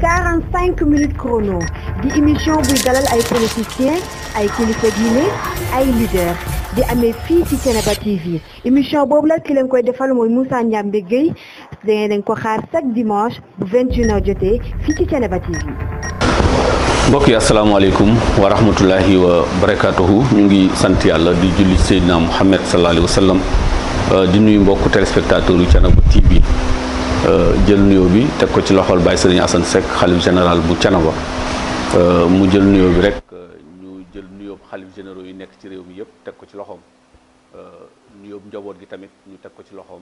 45 minutes chrono di émission buy dalal ay politiciens ay kilifa diine ay leader di amee fii ci Thiénaba TV émission boobu la ki leen koy defal mooy Moussa Ndiambe Guèye leen ko xaar chaque dimanche bu 21h jotee fii ci Thiénaba TV. mbokk yi asalaamaaleykum wa rahmatullahi wa barakaatuhu ñu ngi sant yàlla di julli Seydina Mouhamed sallallahu alayhi wa sallam euh, di nuyu mbokku téléspectateur yu Thiénaba TV. Euh, jël nuyoo bi teg ko ci loxol Baye Serigne Assane Seck xalif général bu Thiénaba euh, mu jël nuyoo bi rek ñu jël nuyoo xalif généraux yi nekk ci réew mi yëpp teg ko ci loxoom euh, nuyoo njaboot gi tamit ñu teg ko ci loxoom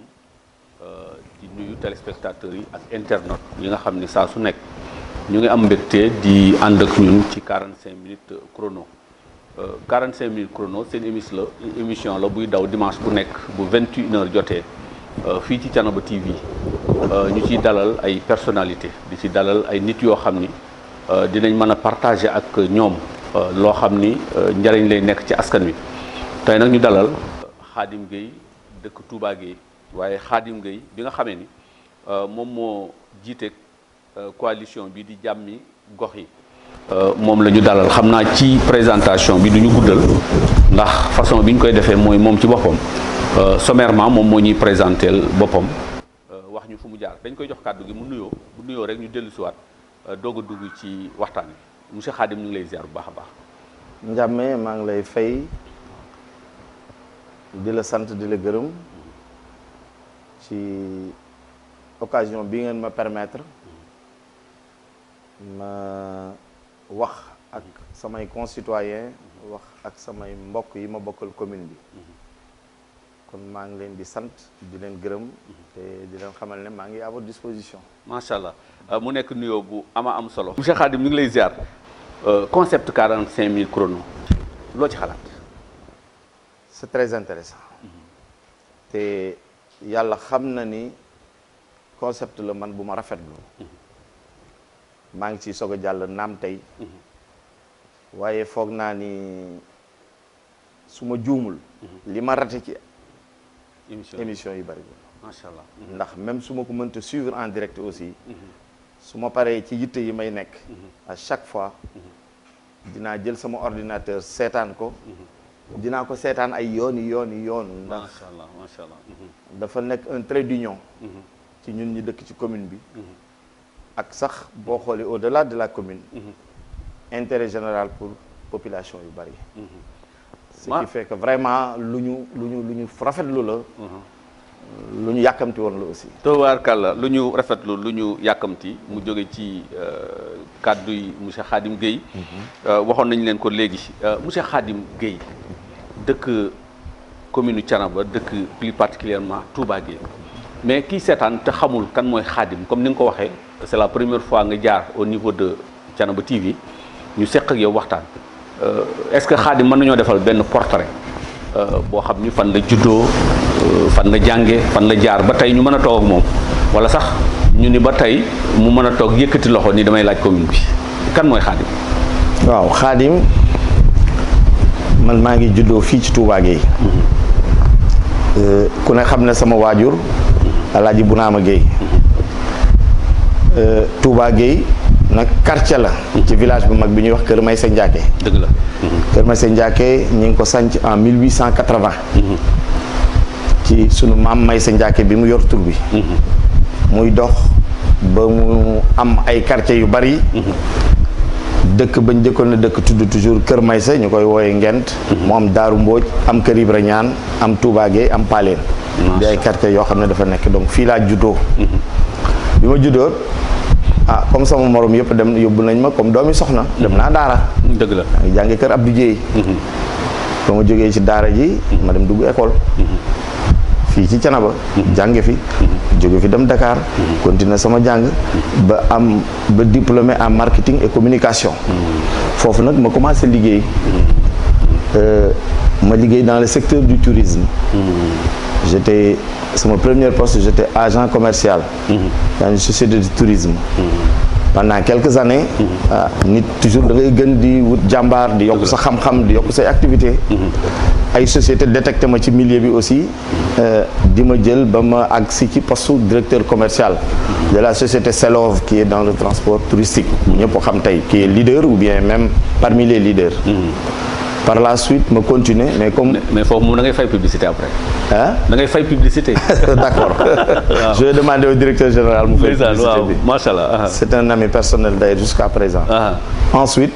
di nuyu téléspectateurs yi ak internet yi nga xam ni saa su nekk ñu ngi am mbégte di ànd ak ñun ci 45 minutes chrono 45 minutes chrono seen émission la émission la buy daw dimanche bu nekk bu 21 heures jotee. Euh, fii ci Thiénaba TV euh, ñu ciy dalal ay personnalité di ci dalal ay nit yoo xam ni euh, dinañ mën a partager ak ñoom loo xam ni njariñ lay nekk ci askan wi tey nag ñu dalal Khadim Gueye dëkk Touba Gueye waaye Khadim Gueye bi nga xamee ni moom moo jiite coalition bi di jàmmi gox yi moom la ñu dalal xam naa ci présentation bi du ñu guddal ndax façon bi ñu koy defee mooy moom ci boppam Euh, sommairement moom moo ñuy présenté boppam euh, wax ñu fu mu jaar dañ koy jox kàddu gi mu nuyoo bu nuyoo rek ñu dellu waat euh, doog a dugg ci waxtaan bi monsieur Khadim ñu ngi lay ziar bu baax a baax. Ndiame maa ngi lay fay di la sant di la gërëm ci occasion bi ngeen ma permettre ma wax ak samay concitoyens wax ak samay mbokk yi ma bokkal commune bi. kon maa ngi leen di sant di leen gërëm te di leen xamal ne maa ngi à disposition. macha allah euh, mu nekk nuyoo bu ama am solo. monsieur Khadim ñu ngi lay ziar. Euh, concept mille chrono loo ci xalaat. c'est très intéressant mm-hmm. te yàlla xam na ni concept la man bu ma rafet rafetlu. Mm-hmm. maa ngi ciy soog a jàll naam tey. Mm-hmm. waaye foog naa ni su ma juumul. li ma rate ci. émission yi bëri macha allah mm-hmm. Mm-hmm. ndax même su ma ko mënta suivre en direct aussi mm-hmm. su ma paree ci yitte yi may nekk à chaque fois dinaa jël sama ordinateur seetaan ko dinaa ko seetaan ay yooni yooni yoonu ndax allah macha allah dafa nekk un trait d'union ci ñun ñu dëkk ci commune bi ak sax boo xoolee au de la de la commune intérêt général pour population yu bëri ce qui fait vraiment lu ñu lu ñu lu ñu rafetlu la uh-huh. lu ñu yàkkamti woon la aussi towaar kàlla lu ñu rafetlu lu ñu yàkkamti mu jóge ci euh, kàddu yi monsieur Khadim Gueye mm-hmm. euh, waxoon nañu leen ko léegi euh, monsieur Khadim Gueye dëkk commune Thiénaba dëkk plus particulièrement Touba Gueye mais kii seetaan te xamul kan mooy Khadim comme ni nga ko waxee c'est la première fois nga jaar au niveau de Thiénaba TV ñu seq ak yow waxtaan Euh, est-ce que Xaadim mën nañoo defal benn portrait euh, boo xam ni fan la juddoo euh, fan la jànge fan la jaar ba tey ñu mën a toog moom wala sax ñu ni ba tey mu mën a toog yëkkati loxo ni damay laaj commune bi kan mooy Xaadim waaw Xaadim man maa ngi juddoo fii ci Touba Gueye mm-hmm. ku ne xam ne sama waajur laaj Alaaji Bunaama Gueye mm-hmm. Touba Gueye nag quartier la ci village bu mag bi ñuy wax Kër Maysa Ndiaké dëgg la mhm. Kër Maysa Ndiaké ñu ngi ko sanc en 1880 mhm. ci sunu maam may sa Ndiaké bi mu yor tur bi mhm. muy dox ba mu am ay quartier yu bari dëkk bañ jëkkoon na dëkk tudd toujours Kër Maysa ñu koy wooye Ngent moom Daaru Mbóoj am Kër Ibra Ñaan am Touba am Paleen di ay quartier yoo xam ne dafa nekk donc fii laa juddoo bi ma juddoo ah comme sama moroom yëpp dem yóbbu nañ ma comme doomi soxna dem naa daara dëgg la maa ngi jàngi kër Abdou Dieye mhm. ba ma jógee ci daara ji mhm. ma dem dugg école mhm. fii ci Canaba jànge fi jóge fi dem dakaar Dakar continuer sama jàng ba am ba diplômé en marketing et communication foofu nag ma commencé liggéey euh, ma liggéey dans le secteur du tourisme j'étais sa mon premier poste j'étais agent commercial mm -hmm. dans une société de tourisme mhm. pendant quelques années mhm. ah, nit toujours da ngay gën di wut jàmbaar di yokk sa xam-xam di yokk say activité mhm. ay société détecté ma ci millier bi aussi euh, di ma jël ba ma agsi ci postu directeur commercial de la société Selov qui est dans le transport touristique ñëpp xam tey qui est leader ou bien même parmi les leaders par la suite ma continuer mais comme. mais foofu moom da ngay fay publicité après. ah da ngay fay publicité. d' accord je vais demander au directeur général mu fay publicité bi macha allah. c' est d' ailleurs jusqu' à présent. ensuite.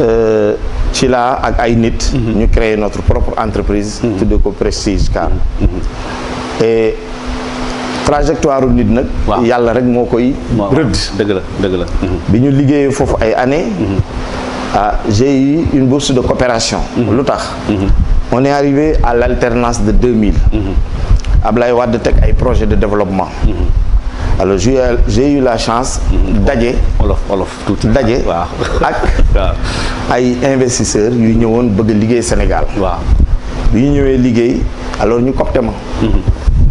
Euh, ci laa ak ay nit. Mhm. ñu créer notre propre entreprise. Mhm. tuddee ko Prestige Car. Mhm. et trajectoire nit nag. yàlla rek moo koy. rëdd dëgg la dëgg la. bi ñu liggéeyee foofu ay années. ah j'ai une bourse de coopération. Mhm. lu tax. Mhm. on est arrivé à l'alternance de 2000. Mhm. Ablaye Wade teg ay projet de développement. alors j'ai j'ai la chance. daje olof olof tuuti daje. Ah, waaw ak ay investisseurs yu ñëwoon bëgg liggéey Sénégal. waaw bi ñëwee liggéey alors ñu copte ma.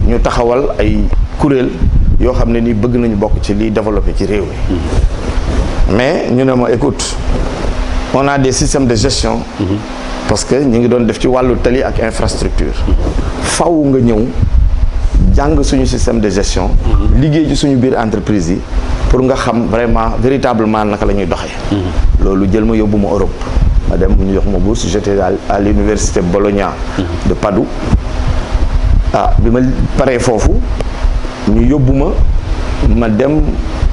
ñu taxawal ay kuréel yoo xam ne ni bëgg nañu bokk ci liy développé ci réew mi. mais ñu ne ma écoute. on a des systèmes de gestion parce que ñu ngi doon def ci wàllu tali ak infrastructure faw nga ñëw jàng suñu système de gestion liggéey ci suñu biir entreprise yi pour nga xam vraiment véritablement naka la ñuy doxee loolu jël ma yóbbu ma Europe ma dem ñu jox ma bourse j'étais à l'université Bologna de Padoue ah bi ma paree foofu ñu yóbbu ma ma dem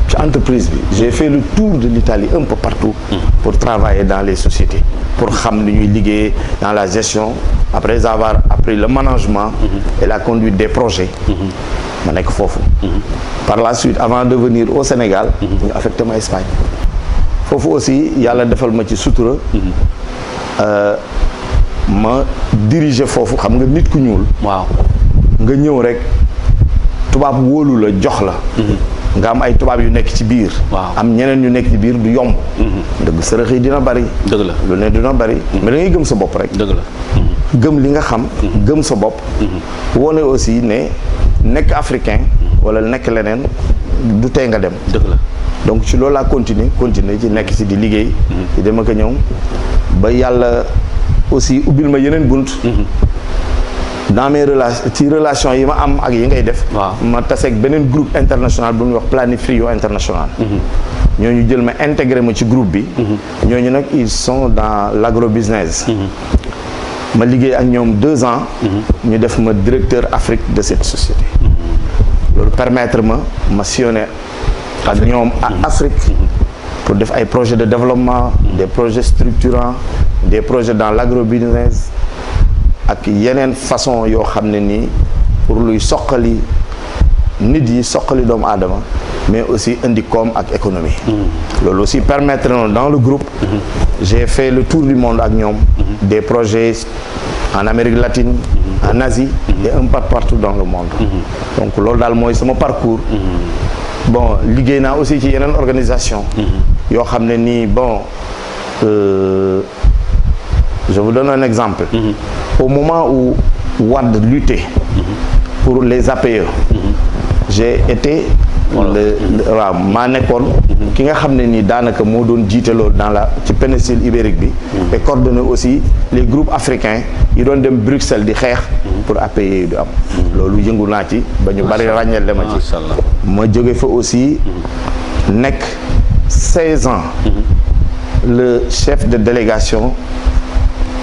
ci entreprise bi j'ai fait le tour de l'Italie un peu partout pour travailler dans les sociétés pour xam li ñuy liggéey dans la gestion après avoir après le management et la conduite des projets ma nekk foofu par la suite avant de venir au Sénégal ñu affecté ma Espagne foofu aussi yàlla defal ma ci sutura euh, ma diriger foofu xam nga nit ku ñuul waaw nga ñëw rek tubaab wóolu la jox la nga am ay tubaab yu nekk ci biir. am ñeneen ñu nekk ci biir du yomb. Mm-hmm. dëgg sërëx yi dina bari. dëgg la lu ne dina bari. Mm-hmm. ma da ngay gëm sa bopp rek. dëgg la mm-hmm. gëm li nga xam. gëm sa bopp. wone aussi ne nekk africain. wala nekk leneen du tey nga dem. dëgg la donc ci loolu laa continuer continuer ci nekk ci di liggéey. di dem ak ñëw ba yàlla aussi ubbil ma yeneen bunt. dans mes relations ci relation yi ma am ak yi ngay def. ma taseeg beneen groupe international bu ñuy wax Planifrio international. Mm-hmm. ñu jël ma intégré ma ci groupe bi. Mm-hmm. ñoo ñu nag ils son dans l' agro business. Mm-hmm. ma liggéey ak ñoom deux ans. ñu def ma directeur Afrique de cette société. loolu permettre ma ma sillonné ak ñoom à Afrique. pour def ay projets de développement. des projets structurants des projets dans l' agro business. ak yeneen façon yoo xam ne nii pour luy soqali nit yi soqali doom aadama mais aussi indi koom ak économie mm-hmm. loolu aussi permettre na dans le groupe mm-hmm. j'ai fait le tour du monde ak ñoom mm-hmm. des projets en Amérique latine en Asie et un peu partout dans le monde donc loolu daal mooy sama parcours bon liggéey naa aussi ci yeneen organisation yoo xam ne nii bon euh, donne un exemple. Mhm. Au moment où Wad luttait mhm. pour les APE, mhm. j'ai été waaw maa nekkoon ki nga xam ne nii daanaka moo doon jiite loolu dans la ci péninsule ibérique bi et coordonné aussi les groupes africains yi doon dem Bruxelles di xeex pour appe yi du am loolu yëngu naa ci ba ñu bari ràññeel dama ci ma jóge fa aussi nekk 16 ans le chef de délégation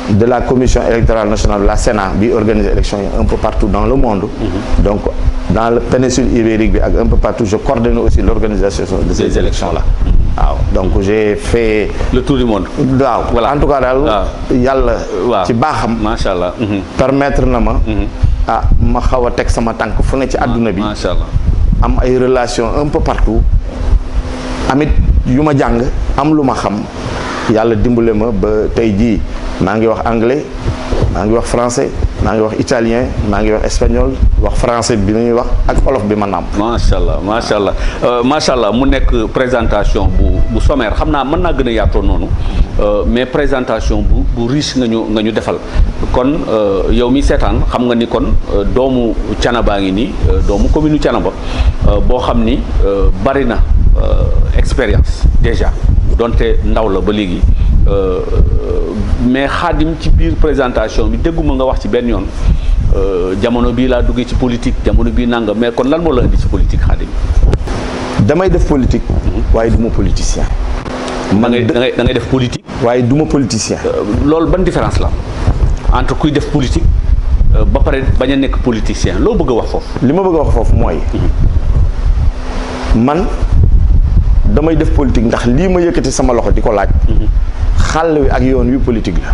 de la commission électorale nationale la Sénat bi organise élection yi un peu partout dans le monde mhm. donc dans le péninsule ibérique bi ak un peu partout je coordonne aussi l'organisation de ces élections là mhm. waaw donc j'ai fait le tour du monde waaw voilà en tout cas daal yàlla ci baaxam macha allah mhm. permettre na ma ah ma xaw a teg sama tànk fu ne ci adduna bi macha allah am ay relations un peu partout amit yu ma jàng am lu ma xam yàlla dimbale ma ba tey jii maa ngi wax anglais maa ngi wax français maa ngi wax italien maa ngi wax espagnol wax français bi ñuy wax ak olof bi ma naam. macha allah macha allah euh, macha allah mu nekk présentation bu bu sommaire xam naa mën naa gën a yaatoo noonu euh, mais présentation bu bu riche nga ñu defal kon euh, yow mi seetaan xam nga ni kon doomu Canaba ngi nii doomu commune Canaba boo xam ni bari na expérience déjà donte ndaw la ba léegi. Euh, euh, mais xaadim ci biir présentation bi dégguma nga wax ci benn yoon euh, jamono bii laa duggee ci politique jamono bii nangam mais kon lan moo la indi ci politique xaadim damay def politique mm-hmm. waaye du ma politicien man da ngay da ngay def politique waaye du ma politicien loolu ban différence la entre kuy def politique ba pare bañ a nekk politicien loo bëgg a wax foofu li ma bëgg a wax foofu mooy mm-hmm. man damay def politique ndax lii ma yëkkati sama loxo di ko laaj mm-hmm. xàll wi ak yoon wi politique la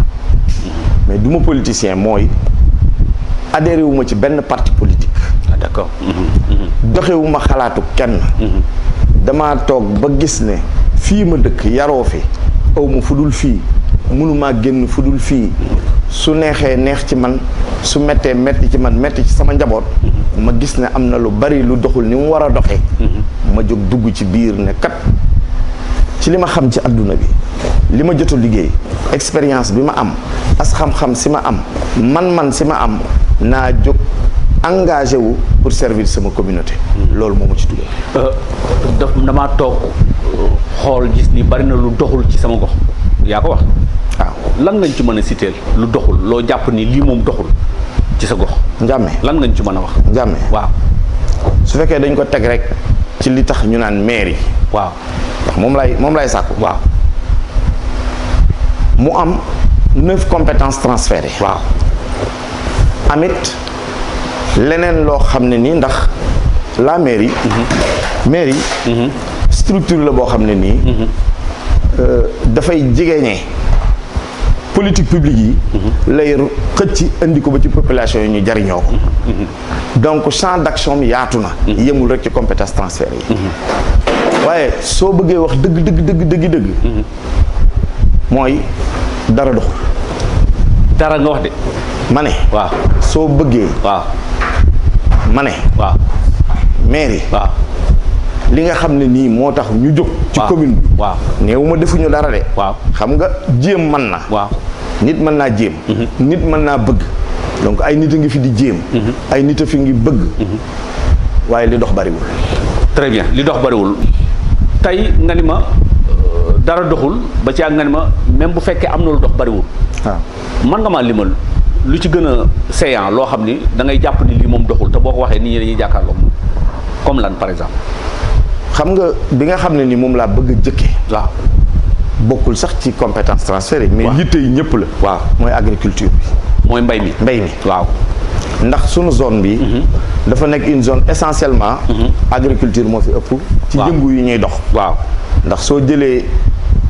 mais du ma politicien mooy adhéré wu ci benn parti politique. ah mhm. Mhm. doxewu ma xalaatu kenn. Mhm. damaa toog ba gis ne fii ma dëkk yaroo fi aw ma fu dul fii mënumaa génn fu dul fii su neexee neex ci man su mettee metti ci man metti ci sama njaboot. ma gis ne am na lu bari lu doxul ni mu war a doxee. ma jóg dugg ci biir ne ci li ma xam ci àdduna bi li ma jot liggéey expérience bi ma am as xam-xam si ma am man-man si ma am naa jóg engagé wu pour servir sama communauté. loolu moo ci dugal. Euh, daf damaa toog xool gis ni bari na lu doxul ci sama gox yaa ko wax. waaw lan ngañ ci mën a siteel lu doxul loo jàpp ni lii moom doxul ci sa gox. njàmme lan ngañ ci mën a wax. njàmme waaw su fekkee dañ ko teg rek. ci li tax ñu naan maire yi waaw ndax moom lay moom lay sàkku waaw mu am neuf compétence transférées waaw amit leneen loo xam ne nii ndax la mairie mhm. mairie mhm. structure la boo xam ne nii mhm. euh, dafay jigéeñee politique publique yi. Mhm. lay xëcc indi ko ba ci population yi ñu jariñoo ko. Mhm. donc champ d'action yaatu na. Mhm. yemul rek ci compétence transfert yi. waaye soo bëggee wax dëgg dëgg dëgg dëgg mooy dara dox dara nga wax de. ma soo bëggee. waaw ma ne. mairie. li nga xam ne nii moo tax ñu jóg. ci commune bi. waaw defuñu dara de. waaw xam nga jéem mën na. nit mën naa jéem nit mën naa bëgg donc ay nit a ngi fi di jéem ay nit a fi ngi bëgg waaye li dox bariwul très bien li dox bariwul tey nga ni ma euh, dara doxul ba ci ak nga ni ma même bu fekkee am na lu dox bariwul waaw ah. mën nga maa limal lu ci gën a séant loo xam ni da ngay jàpp ni lii moom doxul te boo ko waxee nit ñi dañuy jàkkaarloo moom comme lan par exemple xam nga bi nga xam ne nii moom laa bëgg a jëkkee waaw bokkul sax ci compétence transfert yi mais yitte yi ñëpp la waaw mooy agriculture bi mooy mbay mi mbay mi waaw ndax sunu zone bi mhm. dafa nekk une zone essentiellement mhm. agriculture moo fi ëpp ci yëngu yu ñuy dox waaw ndax soo jëlee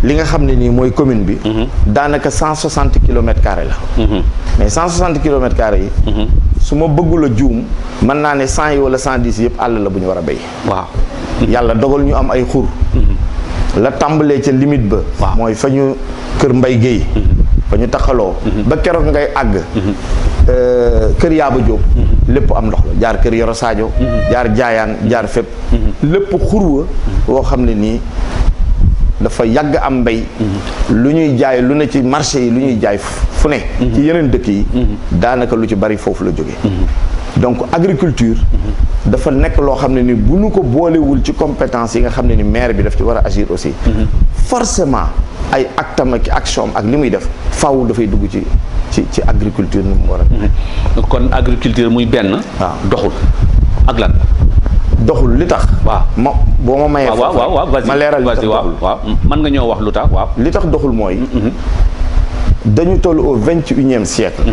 li nga xam ne nii mooy commune bi mhm. daanaka cent soixante kilomètres carrés la mais cent soixante kilomètres carrés yi su ma bëggul a juum mën naa ne cent yi wala cent dix yëpp àll la bu ñu war a béy waaw yàlla dogal ñu am ay xur la tàmbalee ca limite ba mooy fa ñu kër mbay géey mm-hmm. fa ñu taxaloo mm-hmm. ba keroog ngay àgg mm-hmm. euh, kër yaaba jóg lépp am ndox la jaar kër yoro sadio jaar jaayaan jaar fépp lépp xurwa woo xam ne nii dafa yàgg am mbay lu ñuy jaay lu ne ci marché yi lu ñuy jaay fu ne ci yeneen dëkk yi daanaka lu ci bari foofu la jóge donc agriculture dafa nekk loo xam ne ni bu ñu ko boolewul ci compétence yi nga xam ne ni maire bi daf ci war a agir aussi mhm. forcement ay actam ak action am ak li muy def faaw dafay dugg ci ci ci agriculture ni mu war mhm. kon agriculture muy benn waaw doxul ak lan doxul li tax waaw ma boo ma mayee foofu ma leeral li tax doxul mën nga ñoo wax lu tax waaw li tax doxul mooy mhm. dañu toll au vingt et unième siècle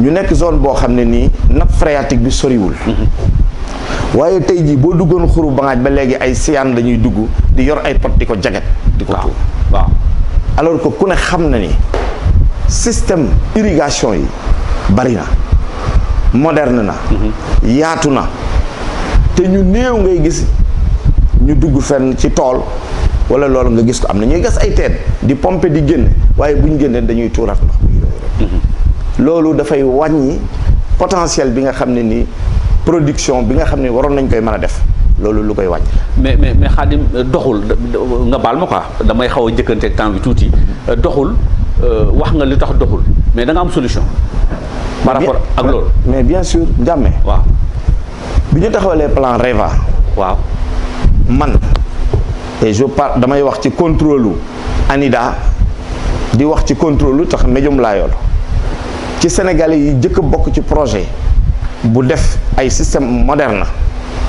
ñu nekk zone boo xam ne nii nappe phréatique bi soriwul waaye tey jii boo duggoon xuru bangaaj ba léegi ay siyaan la ñuy dugg di yor ay pot di ko jaget di ko tuur waaw alors que ku ne xam na ni système irrigation yi bari na moderne na mhm. yaatu na te ñu néew ngay gis ñu dugg fen ci tool walla loolu nga gis ko am na ñuy gas ay teen di pompe di génne waaye buñ ñu génnee dañuy tuurat ndox loolu dafay wàññi potentiel bi nga xam ne ni production bi nga xam ne waroon nañ koy mën a def loolu lu koy wàññi la. mais mais mais Khadim doxul nga baal ma quoi damay xaw a njëkkanteeg temps bi tuuti doxul euh, wax nga li tax doxul mais da am solution. par rapport ak loolu. mais bien sur jàmme. waaw bi ñu taxawalee plan REVA. waaw man. et je parle damay wax ci contrôle lu ANIDA di wax ci contrôle lu tax médium laa yoolu ci sénégalais yi jëkk bokk ci projet bu def ay système moderne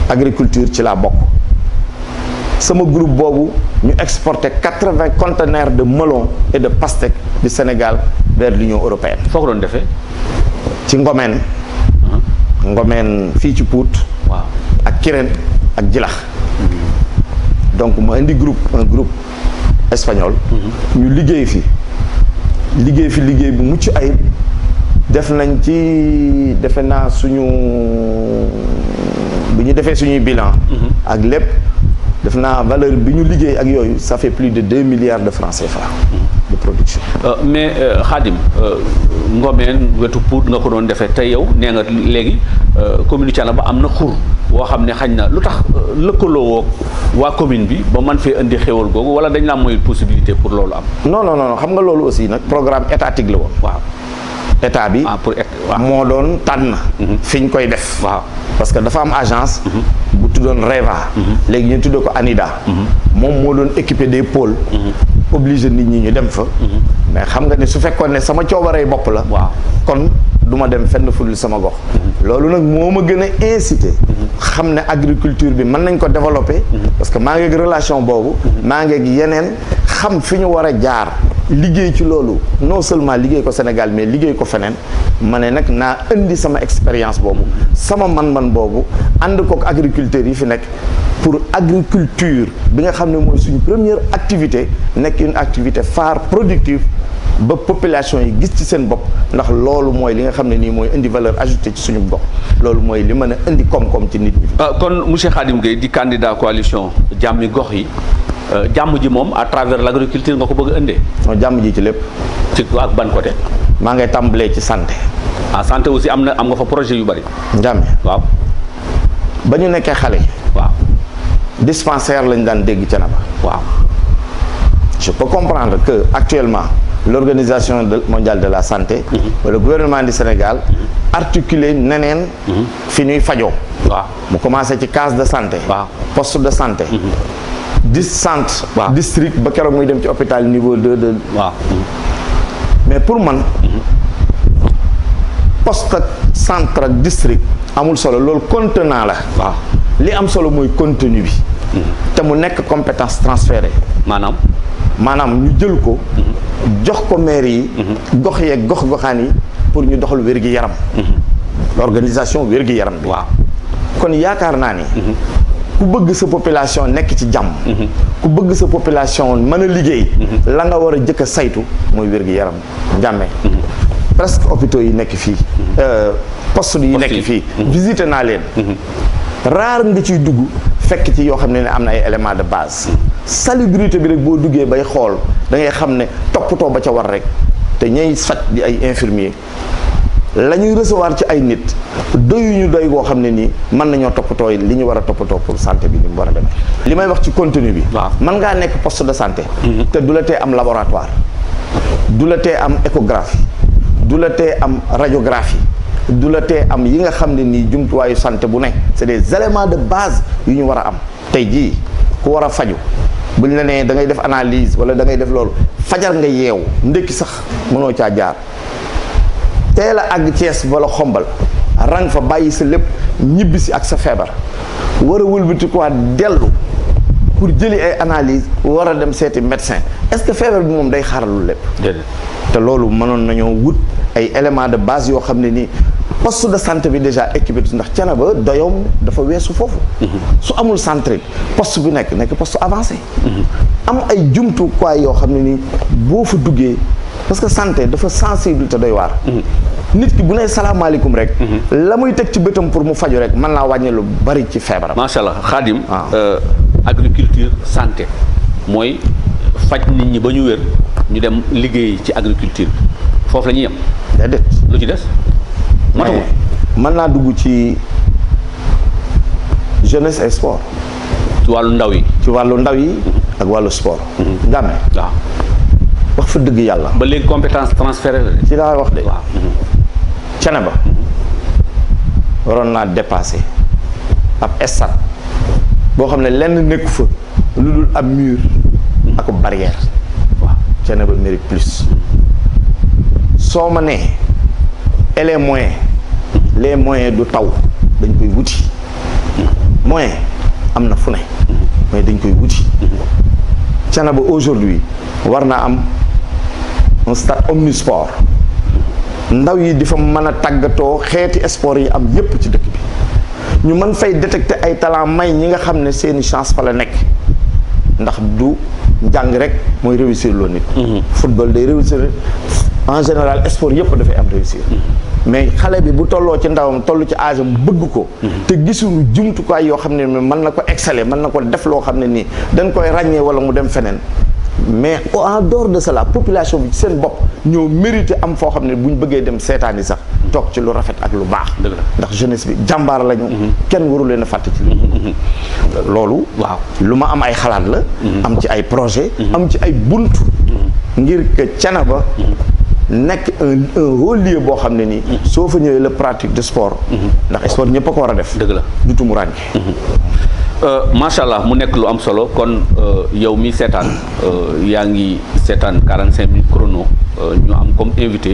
agriculture ci la bokk sama groupe boobu ñu exporté quatre-vingts conteneurs de melon et de pastèque di Sénégal vers l'Union européenne. foo ko doon defee. ci Ngomeen. Uh-huh. Ngomeen fii ci Pout. waaw ak Kirène ak Jilax. Mm-hmm. donc ma indi group un groupe espagnol. Mm-hmm. ñu liggéey fi liggéey fi liggéey bu mucc ayib. def nañ ci defe naa suñu bu ñu defee suñuy bilan. Mhm. ak lépp def naa valeur bi ñu liggéey ak yooyu ça fait plus de deux milliards de francs fa mhm. de production. Euh, mais euh, Khadim euh, Ngomeen wetu Pout nga ko doon defee tey yow nee nga léegi commune ba am na xur woo xam ne xañ naa lu tax lëkkaloo woo waa commune bi ba man fee indi xéwal googu wala dañ la am mooy possibilité pour loolu am. non non non xam nga loolu aussi nag programme étatique la woon état bi. Ah, pour moo doon tànn. Mhm. fi ñu koy def. waaw parce que dafa am agence. Mhm. bu tuddoon REVA. Mhm. léegi ñu tuddee ko ANIDA. moom moo doon équipé des pôles. obligé nit ñi ñu dem fa. mais xam nga ne su fekkoon ne sama coobaree bopp la. waaw kon du ma dem fenn fudul sama gox. loolu nag moo ma gën a incité. xam ne agriculture bi mën nañ ko développer. parce que maa ngi ak relation boobu. maa ngi yeneen xam fi ñu war a jaar. liggéey ci loolu non seulement liggéey ko Sénégal mais liggéey ko feneen ma ne nag naa indi sama expérience boobu sama man-man boobu ànd kook agriculteurs yi fi nekk pour agriculture bi nga xam ne mooy suñu première activité nekk une activité phare productive ba population yi gis ci seen bopp ndax loolu mooy li nga xam ne nii mooy indi valeur ajoutée ci suñu gox loolu mooy li mën a indi koom-koom ci nit ñi. Euh, kon monsieur Khadim Gueye di candidat coalition jàmmi gox yi. Euh, jàmm ji moom à travers l' agriculture nga ko bëgg a indee. non jàmm ji ci lépp. ci ak ban côté. maa ngay tàmbalee ci santé. ah santé aussi am na am nga fa projet yu bari. njàmme waaw. ba ñu nekkee xale yi. waaw dispensaire lañu daan dégg ca na waaw. je peux comprendre que actuellement l'organisation de, mondiale de la santé. wala -hmm. di Sénégal. Mhm. articuler neneen. Mhm. fi ñuy fajoo. waaw mu commencé ci case de santé. waaw poste de santé. Mm dix centre district ba keroog muy dem ci hôpital niveau deux de waaw mais pour man poste ak centre ak district amul solo loolu contenant la waaw li am solo mooy contenu bi mm-hmm. te mu nekk compétence transférée maanaam maanaam ñu jël ko mm-hmm. jox ko maire yi mm-hmm. gox yeeg gox goxaan yi pour ñu doxal wér-gi-yaram l'organisation wér-gi-yaram bi waaw kon yaakaar naa ni ku bëgg sa population nekk ci jàmm mhm. ku bëgg sa population mën a liggéey mhm. langa war a jëkk a saytu mooy wér-gi-yaram njàmme mhm. presque hôpitaux yi nekk fii euh, poste yi nekk fii visité naa leen raar nga ciy dugg fekk ci yoo xam ne ne am na ay éléments de base salubrité bi rek boo duggee bay xool da ngay xam ne toppatoo ba ca war rek te ñay faj di ay infirmier la ñuy recevoir ci ay nit ñu doy goo xam ne nii mën nañoo toppatoo li ñu war a toppatoo pour santé bi ni mu war a demee. li may wax ci contenu bi. waaw mën ngaa nekk poste de santé. Mm-hmm. te du la tee am laboratoire. du la te am échographie du la te am radiographie du la te am yi nga xam ne nii jumtuwaayu santé bu ne c'est des éléments de base yu ñu war a am tey jii ku war a faju buñ la nee da ngay def analyse wala da ngay def loolu fajar nga yeewu ndékki sax mënoo caa jaar. teel a àgg Cees wala xombal rang fa bàyyi sa lépp ñibbi si ak sa feebar war a wëlbatikuwaat dellu pour jëli ay analyse war a dem seeti médecin est-ce que feebar bi moom day xaaralu lépp te loolu mënoon nañoo wut ay éléments de base yoo xam ne nii poste de santé bi déjà équipé ndax Thiénaba doyoom dafa weesu foofu mhm. su amul centre poste bu nekk nekk poste avancé mhm. am ay jumtukaay yoo xam ne nii boo fa duggee parce que santé dafa sensible te doy waar. nit ki bu nee salaamaaleykum rek. la muy teg ci bëtam pour mu faju rek mën naa wàññi lu bari ci feebaram. macha allah xaadim. Ah. Euh, agriculture santé mooy faj nit ñi ba ñu wér ñu dem liggéey ci agriculture foofu lañuy ñuy yem. déedéet lu ci des. matuma mën naa dugg ci jeunesse et sport. ci wàllu ndaw yi. ci wàllu ndaw yi. Mm-hmm. ak wàllu sport. nga mm-hmm. amee ah. wax fa dëgg yàlla. ba léegi compétence transférée la ci laa wax de. waaw mmh. cene ba. Mmh. waroon naa dépassé ab estat boo xam ne lenn nekku fa lu dul ab mur ak barrière waaw cene ba mérite plus soo ma nee et les moyens les du taw dañ koy wuti mmh. moyen am na fu ne mais dañ koy wuti cene ba aujourd'hui war naa am un stade omnisport ndaw yi di fa mën a tàggatoo xeeti sport yi am yépp ci dëkk bi ñu mën fay détecter ay talent may ñi nga xam ne seeni chance fa la nekk ndax du njàng rek mooy réussir loo nit mhm. football day réussir en général sport yëpp dafay am réussir mhm. mais xale bi bu tolloo ci ndawam toll ci âge am bëgg ko mhm. te gisuñu jumtukaay yoo xam ne mën na ko exceller mën na ko def loo xam ne nii dañ koy ràññee wala mu dem feneen mais en dehors de cela population bi ci seen bopp ñoo mérité am foo xam ne bu ñu bëggee dem seetaani sax toog ci lu rafet ak lu baax ndax jeunesse bi jàmbaar lañu mm-hmm. kenn waru leen a fàtte ci mm-hmm. loolu waaw lu ma am ay xalaat la mm-hmm. am ci ay projet am ci ay bunt ngir que ba nekk un un boo xam ne nii. soo fa ñëwee la pratique de sport. ndax sport ñëpp a ko war a def. dëgg la du tumuraan Euh, macha allah mu nekk lu am solo kon euh, yow mi seetaan euh, yaa ngi seetaan 45 minutes chrono ñu am comme invité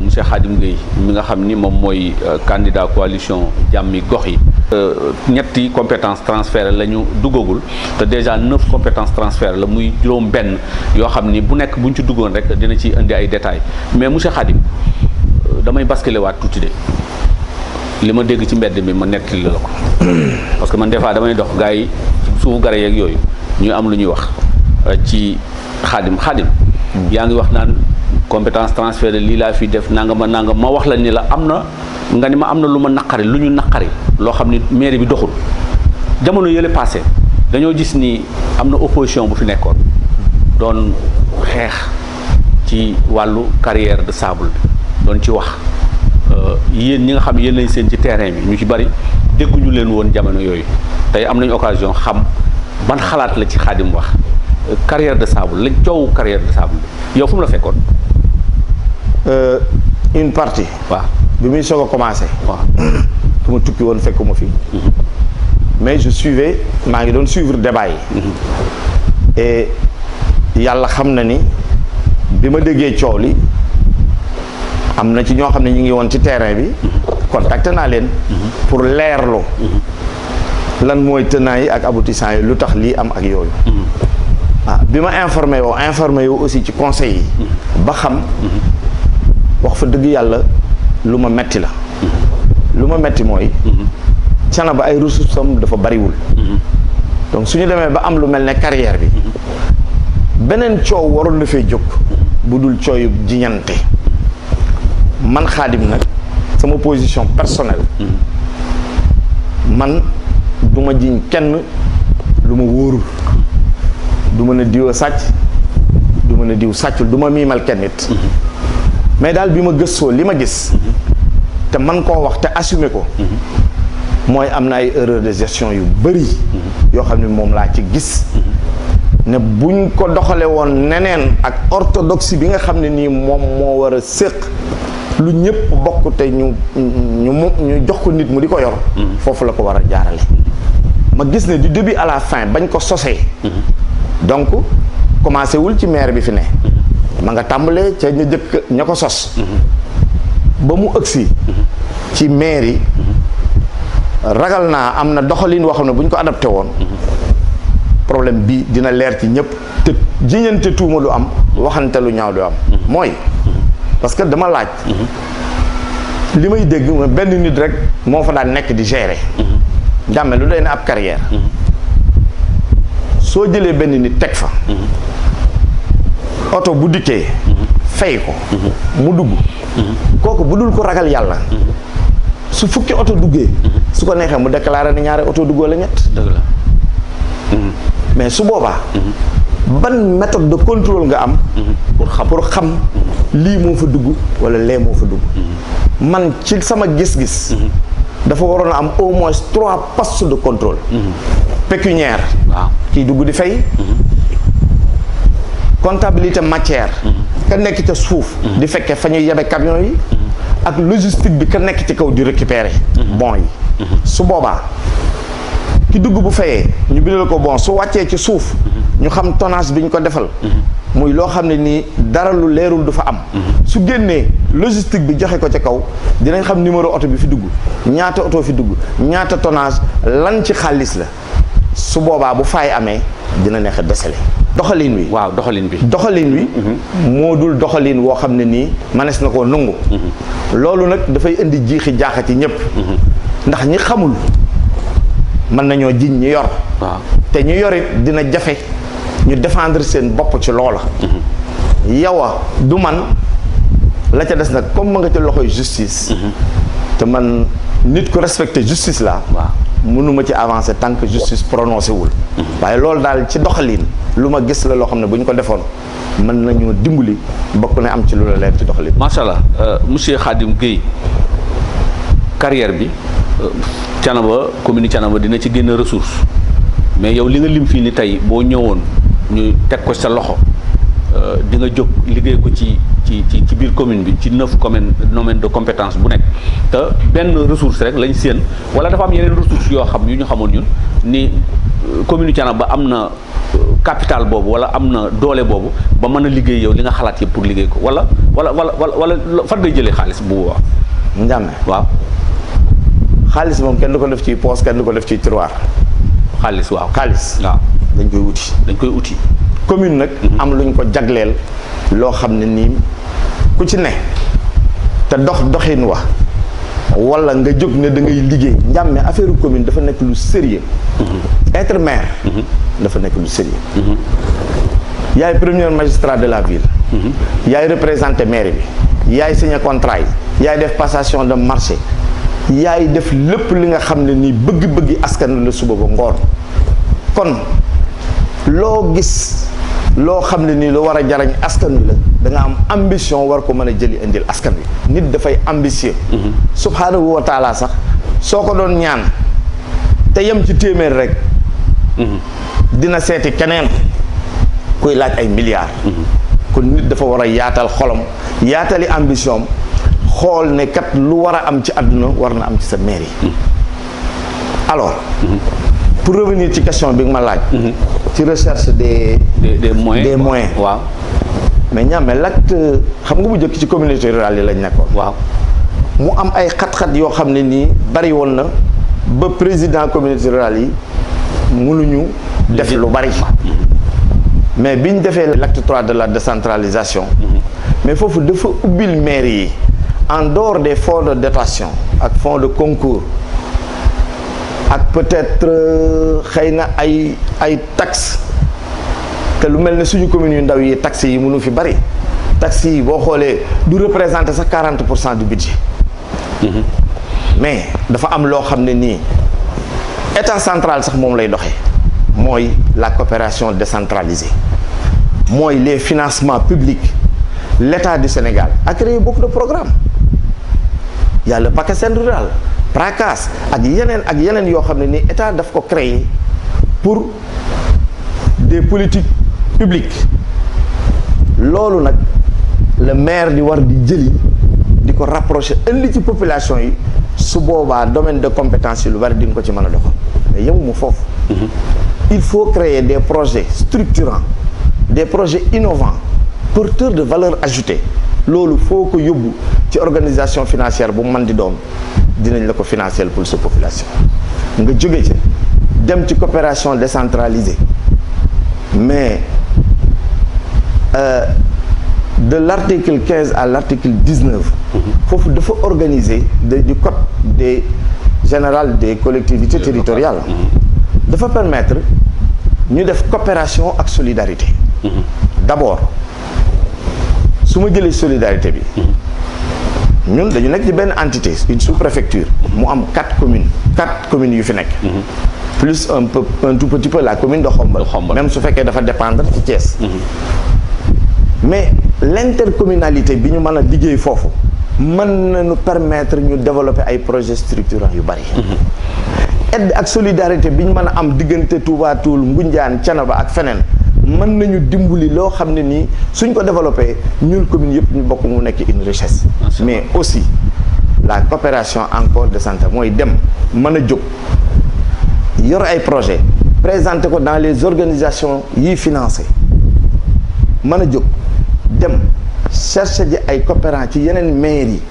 monsieur Khadim Gueye mi nga xam ni moom mooy candidat coalition jàmmi gox yi. ñetti compétence transfert la ñu duggagul te déjà neuf compétence transfert la muy juróom benn yoo xam ni bu nekk buñ ci duggoon rek dina ci indi ay détails mais monsieur Khadim damay basculer waat tuuti de. li ma dégg ci mbedd mi ma nettali la ko parce que man des fois damay dox gars yi suufu gara yeeg yooyu ñu am lu ñuy wax euh, ci xaadim xaadim yaa ngi wax naan compétence transfert lii laa fi def nanga ma nanga ma wax la ni la am na nga ni ma am na lu ma naqari lu ñu naqari loo xam ni mairie bi doxul jamono yële passé dañoo gis nii am na opposition bu fi nekkoon doon xeex ci wàllu carrière de sable bi doon ci wax Euh, yéen ñi nga xam yéen lañ seen ci terrain bi ñu ci bari dégguñu leen woon jamono yooyu tey am nañu occasion xam ban xalaat la ci xaadim wax carrière de sable lañ coow carrière de sable bi yow fu mu la fekkoon. Euh, une partie. waa bi muy soog a commencé. waaw su ma tukki woon fekkuma fi. Mm-hmm. mais je suivais maa ngi doon suivre débat yi. Mm-hmm. yàlla xam na ni bi ma déggee coow li. am na ci ñoo xam ne ñu ngi woon ci terrain bi contacté naa leen pour leerloo lan mooy tenants yi ak aboutissants yi lu tax lii am ak yooyu ah, bi ma informé woo informé yow aussi ci conseil yi ba xam wax fa dëgg yàlla lu ma metti la lu ma metti mooy Thiénaba ay ressources am dafa bariwul donc su ñu demee ba am lu mel ne carrière bi beneen coow waroon la fee jóg bu dul cooyu jiñante man xaadim nag sama position personnel man duma ma jiñ kenn lu ma wóorul du mën a diw a sàcc du mën a diw sàccul du ma miimal kenn nit mais daal bi ma gëstoo li ma gis te man koo wax te assumer ko mooy am na ay erreur de gestion yu bëri yoo xam ne moom laa ci gis ne buñ ko doxale woon neneen ak orthodoxie bi nga xam ne nii moom moo war a séq lu ñëpp bokk te ñu ñu mu ñu jox ko nit mu di ko yor. Mm-hmm. foofu la ko war a jaarale. ma gis ne du début à la fin bañ ko sosee. Mm-hmm. donc commencé wul ci maire bi fi ne. Mm-hmm. ma nga tàmbalee ca ña jëkk ña ko sos. ba mu ëgsi ci maire yi. ragal naa am na doxalin woo xam ne bu ñu ko adapté woon. problème bi dina leer ci ñëpp te jiñante tuuma du am waxante lu ñaaw du am. mooy. parce que dama laaj. li may dégg moo benn nit rek moo fa daan nekk di gérer. jàmme lu day ne ab carrière. soo jëlee benn nit teg fa. oto bu dikkee. fay ko. mu dugg. kooku bu dul ko ragal yàlla. su fukki oto duggee. su ko neexee mu déclaré ne ñaari oto duggoo la ñett. mais su boobaa. ban méthode de contrôle nga am. pour xam xam lii moo fa dugg wala lee moo fa dugg. man ci sama gis-gis. dafa waroon a am au moins trois postes de contrôle. pécuniaire. waaw kiy dugg di fay. comptabilité matière. ka nekk ca suuf. di fekkee fa ñuy yebe camion yi. ak logistique bi ka nekk ci kaw di récupérer. bon yi. su boobaa ki dugg bu fayee ñu bindal ko bon su wàccee ci suuf. ñu xam tonnage bi ñu ko defal. muy loo xam ne nii dara lu leerul du fa am. su génnee logistique bi joxe ko ca kaw dinañ xam numéro oto bi fi dugg ñaata oto fi dugg ñaata tonnage lan ci xaalis la su boobaa bu faay amee dina neex a doxaliin wi waaw doxalin bi doxalin wi mhm. moo dul doxalin woo xam ne nii manees na koo nangu mhm. loolu nag dafay indi jiixi jaaxa ci ñëpp mhm. ndax ñi xamul mën nañoo jiñ ñi yor waaw te ñu yorit dina jafe ñu défendre seen bopp ci loola yow a du man la ca des nag comme ma nga ca loxoy justice te man nit ku respecté justice la mënuma ci avancé tant que justice prononcé wul waaye loolu daal ci doxalin lu ma gis la loo xam ne bu ñu ko defoon mën nañu dimbali bokk ne am ci lu la leer ci doxalin macha allah euh, monsieur Khadim Gueye carrière bi euh, Thiénaba commune Thiénaba dina ci génn ressource mais yow li nga lim fii ni tey boo ñëwoon ñu teg ko sa loxo euh, di nga jóg liggéey ko ci ci ci ci biir commune bi ci neuf communes domaine de compétence bu nekk te benn ressource rek lañ séen wala dafa am yeneen ressource yoo xam yu ñu xamoon ñun ni euh, commune ba am na euh, capital boobu wala am na doole boobu ba mën a liggéey yow li nga xalaat yi pour liggéey ko wala wala wala wala fan ngay jëlee xaalis bu boobaa. Ndiame waaw. xaalis moom kenn du ko def ci poos kenn du ko def ci tiroir. xaalis waaw xaalis waaw. dañ koy wuti dañ koy wuti commune nag mhm. am lu ñu ko jagleel loo xam ne nii ku ci ne te dox doxin wa wala nga jóg ne da ngay liggéey njàmme affaire commune dafa nekk lu sérieux mhm. être maire mhm. dafa nekk lu sérieux yaay premier magistrat de la ville yaay représenté maire bi yaay signé contrat yi yaay def passation de marché yaay def lépp li nga xam ne nii bëgg-bëggi askan la suba ba ngoon kon loo gis loo xam ne nii lu war a jarañ askan wi la danga am ambition war ko mën a jëli indil askan wi nit dafay ambitieux mhm. subhaanahu wa sax soo ko doon ñaan te yem ci téeméer rek mhm. dina seeti keneen kuy laaj ay milliards mhm. kon nit dafa war a yaatal xolom yaatali ambition xool ne kat lu war a am ci àdduna war na am ci sa mairie alors pour revenir ci question bi nga ma laaj. Mhm. ci recherche des. des des moyens des moyens. waaw mais ñaame l'acte xam nga bu njëkk ci communauté rural yi lañ nekkoon. waaw mu am ay xat-xat yoo xam ne nii bari woon na ba président communauté rurale yi mënuñu def lu bari. mais bi ñu defee l'acte trois de la décentralisation. Mhm. mais foofu dafa ubbil maire yi en dehors des fonds de dotation ak fonds de concours. ak peut-être euh, xëy na ay ay taxes te lu mel ne suñu communes yu ndaw yi taxes yi mënu fi bari taxes yi boo xoolee du représenter sax 40 pour cent du budget mhm. mais dafa am loo xam ne nii état central sax moom lay doxee mooy la coopération décentralisée mooy les financements publics l' état du Sénégal a créé beaucoup de programmes y a le e Rural PRACAS ak yeneen ak yeneen yoo xam ne ni état daf ko créer pour des politiques publiques loolu nag le maire di war di jëli di ko rapprocher indi ci population yi su boobaa domaine de compétence yi lu bari di ko ci mën a doxal mais yemuma foofu mhm. il faut créer des projets structurants des projets innovants porteurs de valeur ajoutée loolu foo ko yóbbu ci organisation financière bu mën di doon dinañ la ko financer pour sa population nga jóge ca dem ci coopération décentralisée mais euh, de l' article quinze à l' article dix foofu dafa organiser de du code des général des collectivités de territoriales mmh. dafa permettre ñu def coopération ak solidarité mmh. d' abord su ma jëlee solidarité bi mmh. ñun dañu nekk ci benn entité une sous-préfecture mu am quatre commune quatre communes yu fi nekk mhm. plus un peu un tout petit peu la commune de Khombole même su fekkee dafa dépendre ci Thiès mhm. mais l'intercommunalité bi ñu mën a liggéey foofu mën nañu permettre ñu développer ay projets structurants yu bari mhm. aide ak solidarité bi ñu mën a am diggante Touba Toul Ngoundiane Thiénaba ak feneen mën nañu dimbali loo xam ne nii suñ ko développé ñun commune yëpp ñu bokk mu nekk une richesse mais aussi la coopération encore de santé mooy dem mën a jóg yor ay projet présenté ko dans les organisations yi financé mën a jóg dem chercher ji ay coopérants ci yeneen maires yi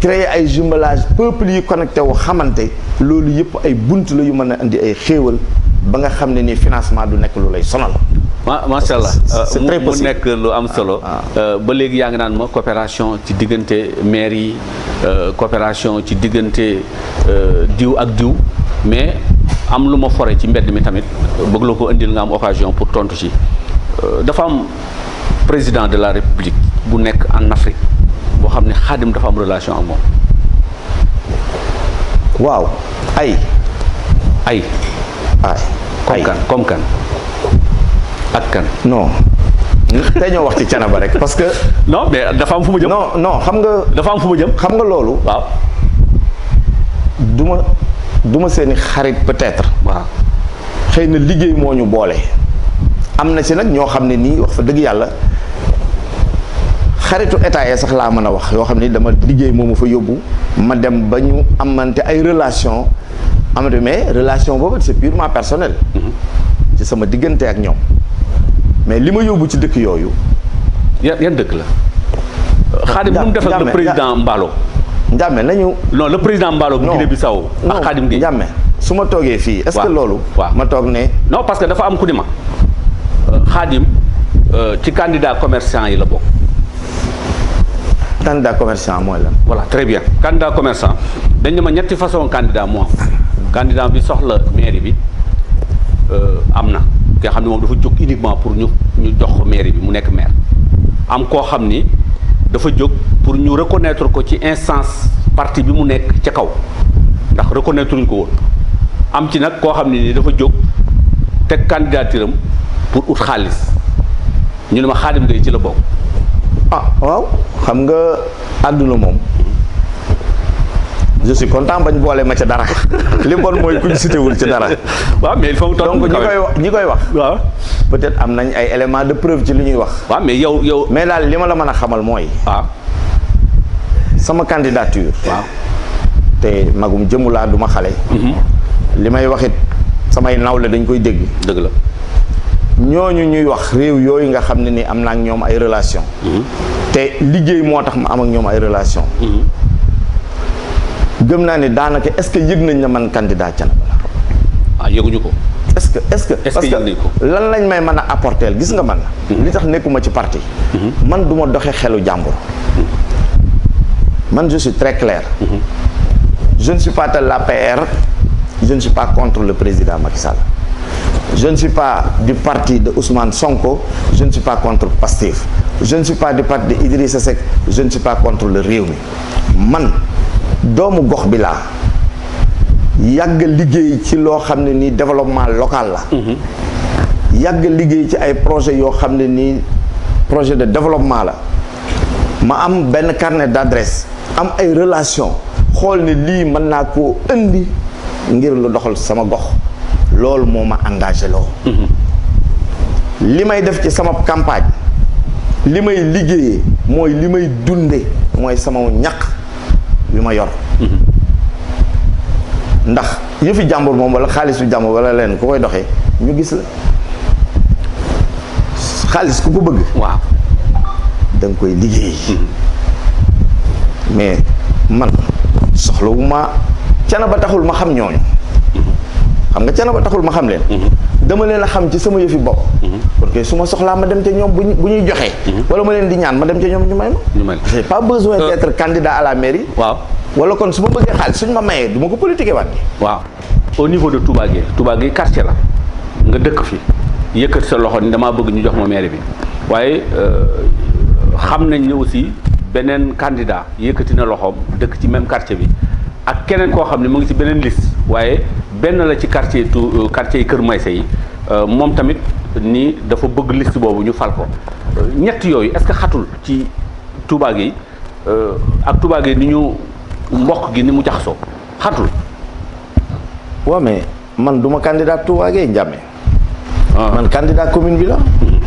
créer ay jumelage peuple yi connecté wu xamante loolu yëpp ay bunt la yu mën a indi ay xéewal ba nga xam ne ni financement du nekk lu lay sonal. ma macha allah euh, mu nekk lu am solo. Ah, ah. Euh, ba léegi yaa ngi naan ma coopération ci diggante maire yi euh, coopération ci diggante diw ak diw mais am lu ma fore ci mbedd mi tamit bëgg la ko indil nga am occasion pour tontu ci dafa am président de la république bu nekk en Afrique boo xam ne Khadim dafa am relation ak moom. waaw ay. ay comme kan comme kan ak kan non hmm? tey ñoo wax ci canaba rek parce que non mais dafa am fu ma jëm xam nga dafa am fu jëm xam nga loolu waaw duma duma seeni xarit peut-être waaw xëy na liggéey moo ñu boole am na ci nag ñoo xam ne nii wax fa dëgg yàlla xaritu état yi sax laa mën a wax yoo xam ne dama liggéey moomu fa yóbbu ma dem ba ñu amante ay relation am amatu mais relation boobu c'est purement personnel mhm. ci sama diggante ak ñoom mais li ma yóbbu ci dëkk yooyu yan dëkk la Khadim nu mu defal le président Mballo Ndiame nañu non le président Mballo bu Guinée-Bissau ak Khadim Gueye Ndiame su ma toogee fii est-ce que loolu ma toog ne non parce que dafa am ku ni ma Khadim euh, euh, ci candidat commerçant yi la bokk candidat commerçant mooy lan voilà très bien candidat dañ ne ma ñetti façon candidat moo am candidat bi soxla mairie bi euh, am na nga xam ne moom dafa jóg uniquement pour ñu ñu jox mairie bi mu nekk maire am koo xam ni dafa jóg pour ñu reconnaître ko ci instance partie bi mu nekk ca kaw ndax reconnaître ñu ko woon am ci nag koo xam ne ni dafa jóg teg candidature pour ut xaalis ñu ne ma Khadim Gueye ci la bokk ah waaw xam nga àdduna moom je suis content bañ boolee ma ca dara li bon mooy kuñ citéwul ci dara. waaw mais il faut donc ñi koy wax ñi koy wax. waaw peut-être am nañ ay éléments de preuve ci li ñuy wax. waaw mais yow yow. mais daal li ma la mën a xamal mooy. waaw ah. sama candidature. waaw te magum jëmu laa du xale. Mhm. li may wax it samay nawle dañ koy dégg. dëgg la ñooñu ñuy wax réew yooyu nga xam ne ni am naa ak ñoom ay relation mhm. te liggéey moo tax ma am ak ñoom ay relation mhm. gëm naa ne daanaka est-ce que yëg nañ ne man candidat Thiénaba la. ah yëguñu ko. est-ce que est-ce que. parce que lan lañ may man a apporter gis nga man. Mhm. li tax nekkuma ci parti. Mhm. man du ma doxe xelu jàmbur. man je suis très clair. Mhm. je ne suis pas de l'APR je contre le président Macky Sall. je ne suis du parti de Ousmane Sonko je ne suis contre Pastef je ne suis pas du parti de Idrissa Seck je ne contre le Rewmi man. doomu gox bi laa yàgg liggéey ci loo xam ne nii développement local la mhm. yàgg liggéey ci ay projet yoo xam ne nii projet de développement la ma am benn carnet d'adresse am ay relation xool ne lii mën naa koo indi ngir lu doxal sama gox loolu moo ma engagé loo mhm. li may def ci sama campagne li may liggéeyee mooy li may dunde mooy sama ñaq yu ma yor ndax yëfi jàmbur moom wala xaalisu jàmbur wala leen ku koy doxee ñu gis la xaalis ku ko bëgg waaw da koy liggéey mais man soxlawuma cana ba taxul ma xam ñooñu xam nga cana ba taxul ma xam leen mhm. dama leen a xam ci sama yëfi bopp mhm. parce que su ma soxlaa ma dem ca ñoom bu bu ñuy joxee mhm. wala ma leen di ñaan ma dem ca ñoom ñu may ma j'ai pas besoin euh. d'être candidat à la wala kon su ma bëggee xaalis ma mayee du ma ko politiqué waat waaw au niveau de Touba Gueye Touba la nga dëkk fi yëkkat sa loxo damaa bëgg ñu jox ma mairie bi waaye euh, xam nañ ne aussi beneen candidat yëkkati na loxoom dëkk ci même quartier bi ak keneen koo xam ne mu ngi ci beneen liste waaye benn la ci quartier tout euh, quartier yi Kër Maysa yi euh, moom tamit ni dafa bëgg list boobu ñu fal ko euh, ñett yooyu est-ce que xatul ci Touba yi ak Touba gi ni ñu mbokk gi ni mu jax jaxasoo xatul. waaw mais man du ma candidat Touba gi Ndiame. Ah. man candidat commune bi la. Hmm.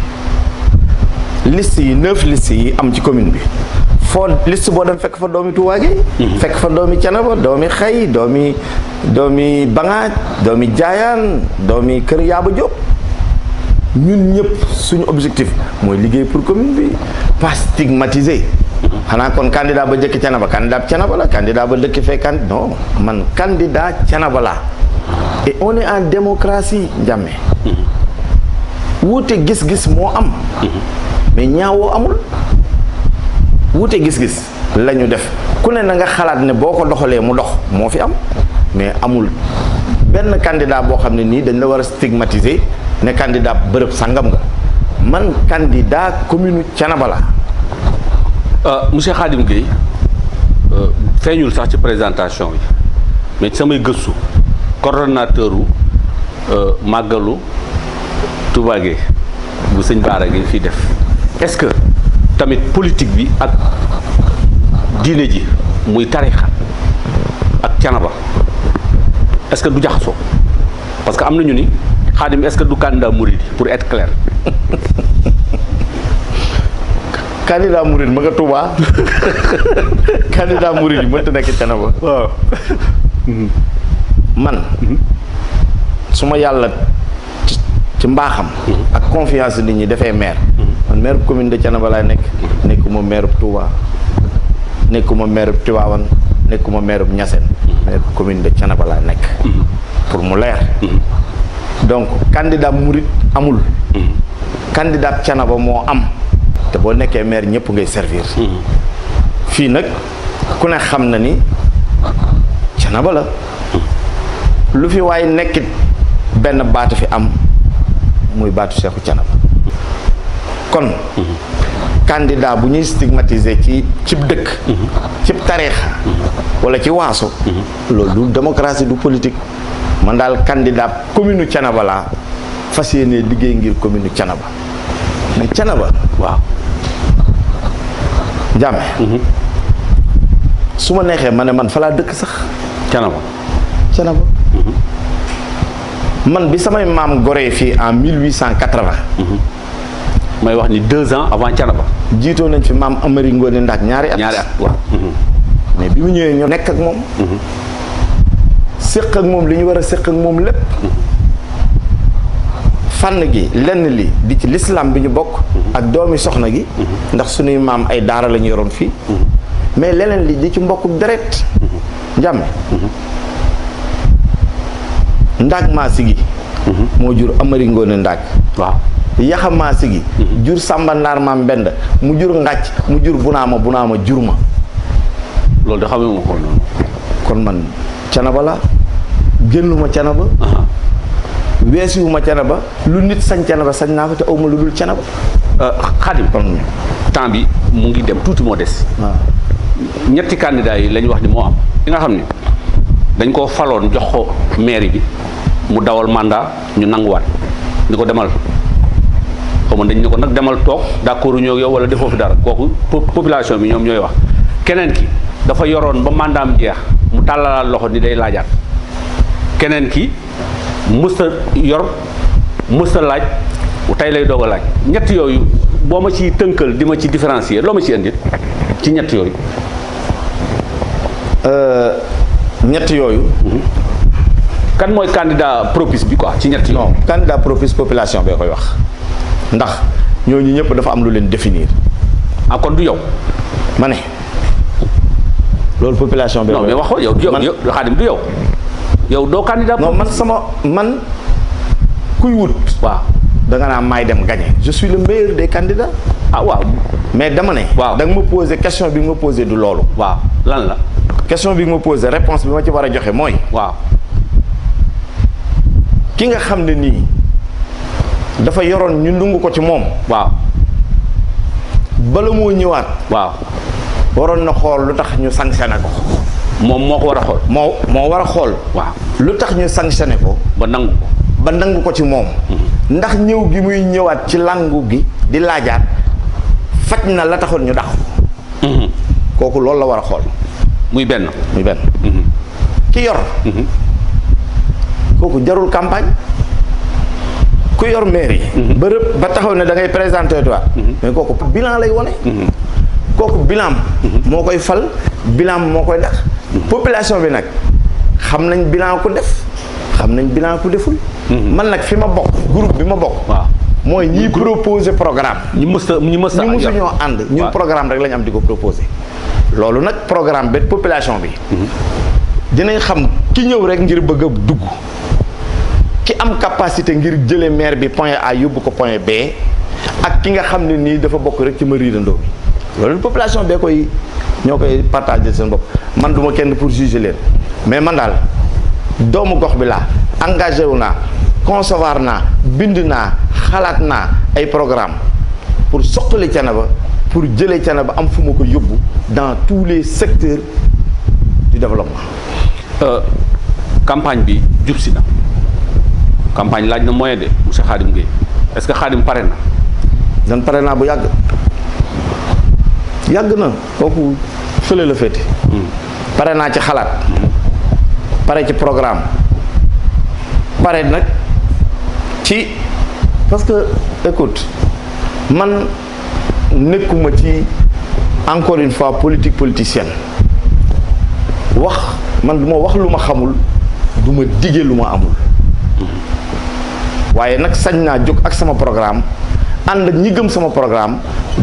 liste yi neuf liste yi am ci commune bi. fool liste boo dem fekk fa doomi Touba gi mhm. fekk fa doomi Canaba doomi xay doomi doomi Bangaaj doomi Jaayaan doomi Kër Yaaba Diop ñun ñëpp suñu objectif mooy liggéey pour commune bi pas stigmatiser xanaa kon candidat ba jëkk Canaba candidat Canaba ba dëkk fee kan non man candidat Canaba la et on en démocratie njàmme mhm. wuute gis-gis moo am mhm. mais ñaawoo amul wute gis-gis la ñu def ku ne na nga xalaat ne boo ko doxalee mu dox moo fi am mais amul benn candidat boo xam ne nii dañ la war a stigmatiser ne candidat bërëb sàngam nga man candidat commune Thiénaba la euh, monsieur Khadim gi euh, feeñul sax ci présentation bi mais samay gëstu coordonnateur u euh, màggalu Touba Gueye bu sëñ Baara gi fi def est-ce que tamit politique bi ak diine ji muy tarixa ak canaba est-ce que du jaxasoo parce que am na ñu ni xaadim est-ce du candidat mouride pour être clair. candidat mouride ma nga Touba candidat mouride mënta nekk canaba. man. su ma yàlla ci mbaaxam. Hmm. ak confiance nit ñi dafay maire. man maire commune de Thiénaba laa nekk nekkuma maire Touba nekkuma maire Tivaouane nekkuma maire Niassène maire commune de Thiénaba laa nekk pour mu leer donc candidat murit amul candidat Thiénaba moo am te boo nekkee maire ñépp ngay servir fii nag ku ne xam na ni Thiénaba lu fi waaye nekkit benn baatu fi am muy baatu Seexu Thiénaba kon candidat bu ñuy stigmatiser ci cib dëkk cib tariixa wala ci waaso loolu du démocratie du politik man daal candidat commune Thiénaba laa fas yéenee liggéey ngir commune Thiénaba mais Thiénaba waaw jàmme su ma neexee ma ne man fa laa dëkk sax Thiénaba Thiénaba man bi samay maam goree fii en may wax ni deux ans avant Thiénaba. jiitoo nañ fi maam Amary Ngoné Ndak ñaari at. ñaari at waaw. Mhm. mais bi mu ñëwee ñu nekk ak moom. Mhm. séq ak moom li ñu war a sëq ak moom lépp. Mhm. fànn gi lenn li di ci lislaam bi ñu bokk. ak doomi soxna gi. ndax suñuy maam ay daara lañu yoroon fii. mais leneen li di ci mbokk deret. njàmm. ndaag maasi gi. moo jur Amary Ngoné Ndak waaw. yaxamaa sigi mm-hmm. jur sàmba ndaar mbend mu jur ngàcc mu jur bunaama bunaama jur ma loolu da xamee ma ko noonu kon man canaba la génnuma canaba weesiwuma canaba lu nit sañ canaba sañ naa ko te awma lu dul canaba euh, xadim temps bi mu ngi dem tuuti moo des ñetti candidat yi lañu wax ni moo am li nga xam ni dañ koo faloon jox ko mairie bi mu dawal mandat ñu nanguwaat ñu ko demal xaw ma ne ko nag demal toog d'accord ñoo yow wala defoo fi dara kooku population bi ñoom ñooy wax keneen ki dafa yoroon ba mandaam jeex mu tàllalaat loxo ni day laajaat keneen ki mësta yor mësta laaj tey lay doog a laaj ñett yooyu boo ma ciy tënkal di ma ci différencier loo ma ci indi ci ñett yooyu euh, ñett yooyu mhm. kan mooy candidat propice bi ko ci ñett yooyu non candidat propice population bee koy wax ndax ñooñu ñëpp dafa am lu leen définir. ah kon du yow. ma ne loolu population bi. non mais wax yow yow Xaadim du yow. yow doo candidat. non man sama man kuy wut. waaw da nga naa maay dem gagné. je suis le meilleur des candidats. Ah, waaw. mais dama ne. waaw da ma posé question bi nga ma posé du loolu. waa lan la. question bi nga ma posé réponse bi ma ci war a joxe mooy. waaw ki nga xam ne nii. dafa yoroon ñu ndungu ko ci moom waaw bala moo ñëwaat waaw waroon na xool lu tax ñu sanctionné ko moom moo ko war a xool moo moo war a xool waaw lu tax ñu sanctionné ko ba nangu ko ba nangu ko ci moom mm-hmm. ndax ñëw gi muy ñëwaat ci làngu gi di laajaat faj na la taxoon ñu dax mm-hmm. kooku loolu la war a xool muy benn muy benn mm-hmm. ki yor kooku jarul campagne ku yor yi mhm. bërëb ba taxaw ne da ngay présenté waat. Mhm. mais kooku bilan lay wone mhm. kooku bilan moo koy fal bilan moo koy dax population bi nag xam nañ bilan ku def xam nañ bilan ku deful. man nag fi ma bokk groupe bi ma bokk. waaw mooy ñiy proposer programme. ñu mës a ñu mës a ñu ñoo ànd ñun programme rek la am di ko proposer. loolu nag programme bi population bi. dinañ xam ki ñëw rek ngir bëgg a dugg. ki am capacité ngir jële maire bi point A yóbbu ko point B ak ki nga xam ne nii dafa bokk rek ci ma riirandoo bi loolu population bee koy ñoo koy partagé seen bopp man duma kenn pour juger leen mais man daal doomu gox bi laa engagé wu naa concevoir naa bind naa xalaat naa ay programme pour soqali Thiénaba pour jëlee Thiénaba am fu ma ko yóbbu dans tous les secteurs du développement. Euh, campagne bi jub na. campagne laaj na moyen de monsieur Khadim Gueye est-ce que Khadim pare na. dan pare naa bu yàgg yàgg na kooku fële la féete. pare naa ci xalaat. pare ci programme pare nag ci parce que écoute man nekkuma ci encore une fois politique politicienne wax man du ma wax lu ma xamul du ma lu ma amul. waaye nag sañ naa jóg ak sama programme ànd ak ñi gëm sama programme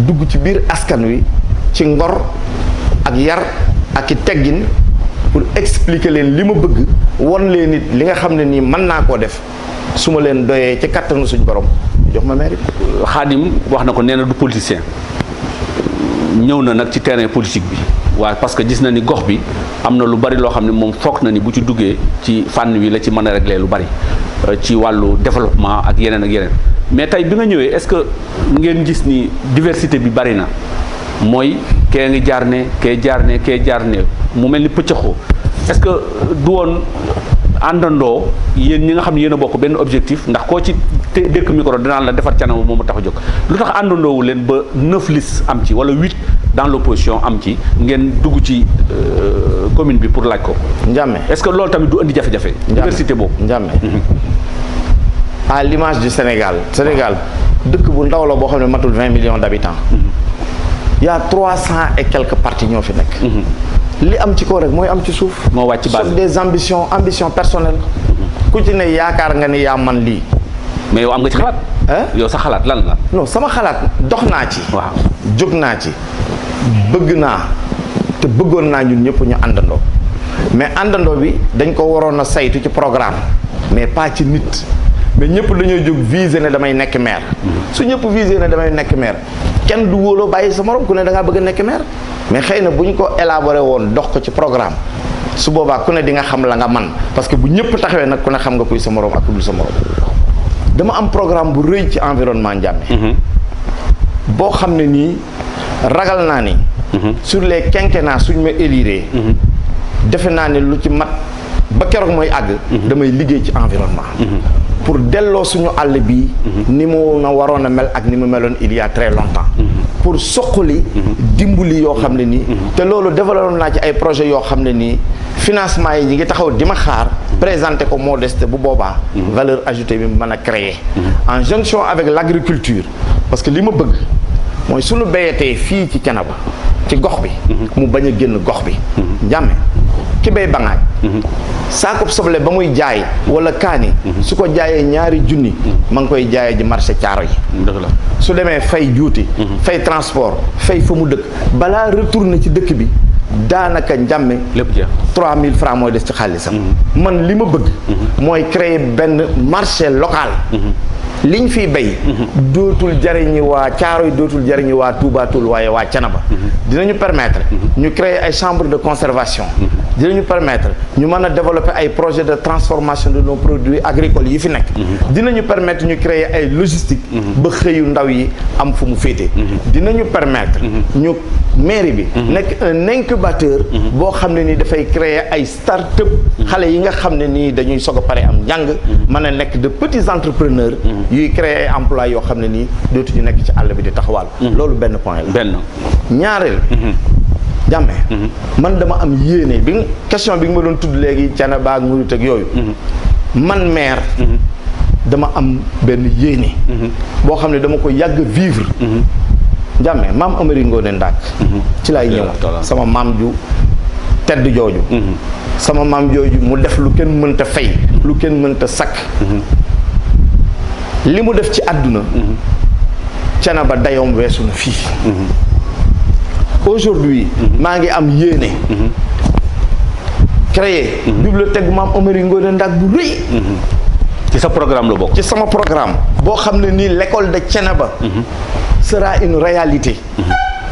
dugg ci biir askan wi ci ngor ak yar ak i teggin pour expliquer leen li ma bëgg won leen nit li nga xam ne nii man naa koo def su ma leen doyee ci kattanu suñ borom jox ma mairie. Xaadim wax na ko nee na du politicien ñëw na nag ci terrain politique bi waaye parce que gis na ni gox bi am na lu bari loo xam ne moom foog na ni bu ci duggee ci fànn wi la ci mën a reglee lu bari. ci wàllu développement ak yeneen ak yeneen mais tey bi nga ñëwee est-ce que ngeen gis ni diversité bi bari na mooy kee ngi jaar ne kee jaar ne kee jaar ne mu mel ni pëccëxoo est-ce que du woon àndandoo yéen ñi nga xam ne yéen a bokk benn objectif ndax koo ci te dékk micro dinaan la defar canamu moom mu tax a lu tax àndandoowu leen ba neuf listes am ci wala huit dans l'opposition am ci ngeen dugg ci euh, commune bi pour laaj ko. Ndiamé est-ce que loolu tamit du indi jafe-jafe. diversité boobu Ndiamé. Mhm. à l'image Sénégal Sénégal dëkk bu ndaw la boo xam matul vingt millions d'habitants. Mhm. y a trois cent et quelques ñoo fi nekk. Mhm. li am ci kaw rek mooy am ci suuf. moo wàcc base des ambitions ambitions personnelles. ku ci ne yaakaar nga ni yaa man lii. mais yow am nga ci xalaat. yow sa xalaat lan la. non sama xalaat dox naa ci. waaw jóg naa ci bëgg naa te bëggoon naa ñun ñëpp ñu àndandoo mais àndandoo bi dañ ko waroon a saytu ci programme mais pas ci nit mais ñëpp dañoo jóg visé ne damay nekk maire su ñëpp visé ne damay nekk maire kenn du wóoloo bàyyi sa morom ku ne da ngaa bëgg a nekk maire mais xëy na bu ñu ko élaboré woon dox ko ci programme su boobaa ku ne di nga xam la nga man parce que bu ñëpp taxawee nag ku ne xam nga kuy morom ak ku dul dama am programme bu rëy ci environnement Ndiamé. Mhm. boo xam ne nii ragal naa ni. Mhm. sur les quinquennats suñ ma éliré. Mhm. defe naa ne lu ci mat ba keroog mooy àgg. damay liggéey ci environnement. pour delloo suñu àll bi mhm. ni mu na waroon a mel ak ni mu meloon il y a très longtemps mhm. pour suqali mhm. dimbali yoo xam ne ni te loolu développé naa ci ay projets yoo xam ne nii financement yi ñi ngi taxaw di ma xaar présenté ko modeste bu boobaa valeur ajoutée bi mën a créer en jonction avec l'agriculture parce que li ma bëgg mooy suñu béyatee fii ci Thiénaba ci gox bi mu bañ a génn gox bi njàmme ki bay bangaaj saako soble ba muy jaay wala kaani su ko jaayee ñaari junni ma ngi koy jaayee ji marché caaro yi la su demee fay juuti fay transport fay fa mu dëkk balaa retour na ci dëkk bi daanaka njàmme lépp jeex trois mille francs mooy des ci xaalisam mhm. man li ma bëgg mhm. mooy créer benn marché local mhm. li ñu fi bay dootul jariñi waa caaro Caaroy dootul jariñi waa Tuubaatul waaye waa Canaba dinañu permettre ñu créer ay chambre de conservation dinañu permettre ñu mën a développer ay projet de transformation de nos produits agricoles yi fi nekk dinañu permettre ñu créer ay logistique ba xëyu ndaw yi am fu mu féete dinañu permettre ñu mairie bi nekk un incubateur boo xam ne nii dafay créer ay start-up xale yi nga xam ne nii dañuy soog a pare am njàng mën a nekk de petits yuy créer emploi yoo xam ne nii dootu ñu nekk ci àll bi di taxawal. Mm-hmm. loolu benn point la benn ñaareel. Mm-hmm. jàmme mm-hmm. man dama am yéene bi question bi nga ma doon tudd léegi cana baag murut ak yooyu man dama am benn yéene xam ne dama ko yàgg vivre jàmme maam Amari Ngoone Ndak ci laay ñëw sama maam ju tedd jooju sama maam jooju mu def lu kenn mënta fay lu kenn mënta sakk li mu def ci àdduna mhm. canaba dayoom weesu na fii mhm. aujourd'hui mhm. maa ngi am yéene créer bibliothèque bu maam Omar Ngoné Ndak bu rëy ci sa programme la bokk ci sama programme boo xam ne nii l'école de Thiénaba sera une réalité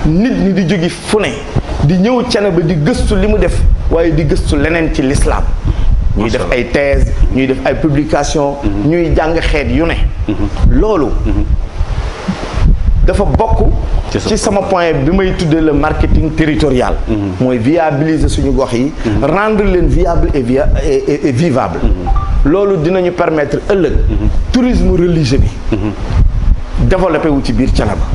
nit ñi di jóge fune di ñëw ba di gëstu li mu def waaye di gëstu leneen ci lislaam ñuy def ay thèse ñuy def ay publication mhm. ñuy jàng xeet yu ne mhm. loolu mhm. dafa bokk ci sama point bi may tuddee le marketing territorial mooy viabiliser suñu gox yi rendre leen viable et via et vivable loolu dinañu permettre ëllëg tourisme religieux bi développé wu ci biir Thiénaba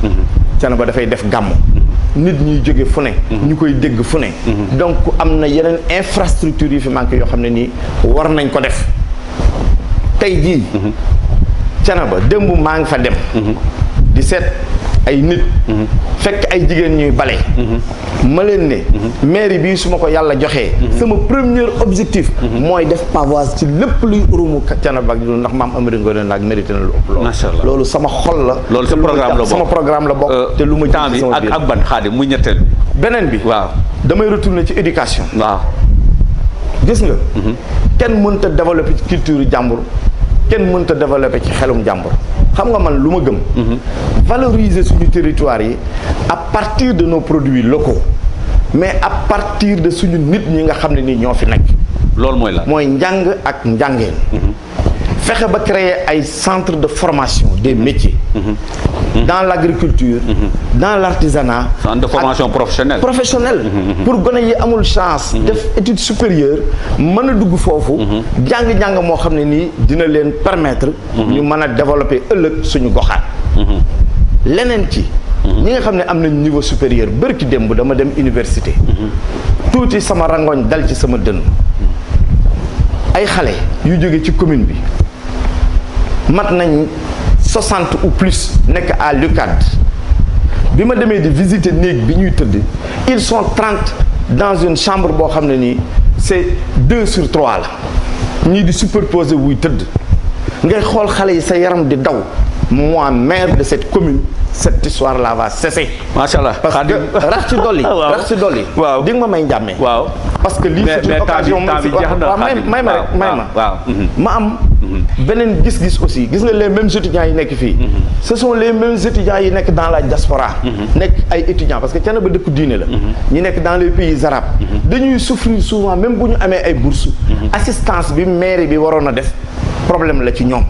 Thiénaba dafay def gàmmu nit ñuy jóge fu ne mhm. ñu koy dégg fu ne mhm. donc am na yeneen infrastructure yu fi manqué yoo xam ne nii war nañ ko def tey jii mhm. Thiénaba démb maa ngi fa dem di seet ay nit fekk ay jigéen ñuy bale ma leen ne mairie bii su ma ko yàlla joxee sama premier objectif mooy def pavoise ci lépp luy urumu Thiénaba ak ndax maam Amari Ngoone Laak mérité na lu ëpp loolu macha allah loolu sama xol la loolu sama programme la bokk euh, te lu ma temps bi ak ak ban xaadim muy ñetteel beneen bi waaw damay retourner ci éducation waaw gis nga mhm. kenn mënta développer ci culture jàmbur kenn mënta développer ci xelum jàmbur xam nga man lu ma gëm valoriser suñu territoire yi a partir de nos produits locaux mais à partir de suñu nit ñi nga xam ne nii ñoo fi nekk loolu mooy la mooy njàng ak njàngeen mhm. fexe ba créer ay centre de formation des métiers mm-hmm. dans l'agriculture mm-hmm. dans l'artisanat centre de formation professionnelle professionnelle mm-hmm. pour gone yi amul chance def étude supérieure mën a dugg foofu jàng-jàng moo xam ne nii dina leen permettre ñu mën a développer ëllëg suñu goxaat leneen ci ñi nga xam ne am nañ niveau supérieur bërki démb dama dem université tuuti sama rangoñ dal ci sama dënn ay xale yu jóge ci commune bi mat nañ soixante ou plus nekk à l'UCAD bi ma demee di visiter néeg bi ñuy tëdd ils sont trente dans une chambre boo xam ne nii c'est deux sur trois la ñii di superposer wuy tëdd ngay xool xale yi sa yaram di daw moi maire de cette commune cette histoire la va cesser. macha allah parce que rax ci dolli. waaw rax ci dolli. waaw ma may njàmmee. waaw parce que li c'est une occasion mais mais may ma rek may ma. waaw mhm. ma am. Mhm. beneen gis-gis aussi gis nga les mêmes étudiants yi nekk fii. Mhm. ce sont les mêmes étudiants yi nekk dans la diaspora. nekk ay étudiants parce que kenn ba dëkku diine la. ñu nekk dans les pays arabes. dañuy souffrir souvent même bu ñu amee ay bourses. assistance bi mairie bi waroon a def problème la ci ñoom.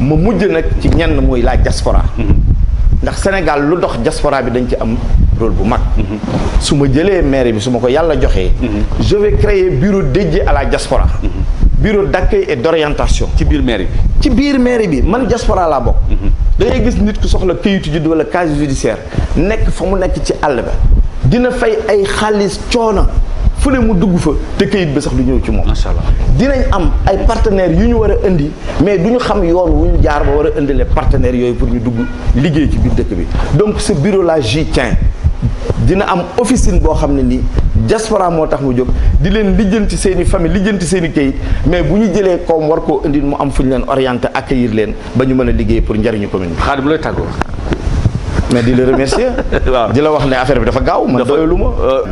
ma mujj nag ci ñenn muy la diaspora mm-hmm. ndax Sénégal lu dox diaspora bi dañ ci am rôle bu mag mm-hmm. su ma jëlee maire bi su ma ko yàlla joxee mm-hmm. je vais créer bureau dédié à la diaspora bureau d'accueil et d'orientation ci biir maire bi ci biir maire bi man diaspora laa bokk da gis nit ku soxla kayitu judd wala casier judiciaire nekk fa mu nekk ci àll ba dina fay ay xaalis coono fu ne mu dugg fa te këyit ba sax lu ñëw ci moom. macha allah dinañ am ay partenaires yu ñu war a indi mais du ñu xam yoon wu ñu jaar ba war a indile partenaires yooyu pour ñu dugg liggéey ci biir dëkk bi donc ce bureau là j'y dina am officine boo xam ne nii diaspora moo tax mu jóg di leen lijjanti seen i famille lijjanti seen i kayit mais bu ñu jëlee koom war koo indi mu am fu ñu leen ak accueillir leen ba ñu mën a liggéey pour njariñu commune bi. xaaral bu lay tàggoo. mais di la remercier. waaw di la wax ne affaire bi dafa gaaw man doyalu ma. Euh,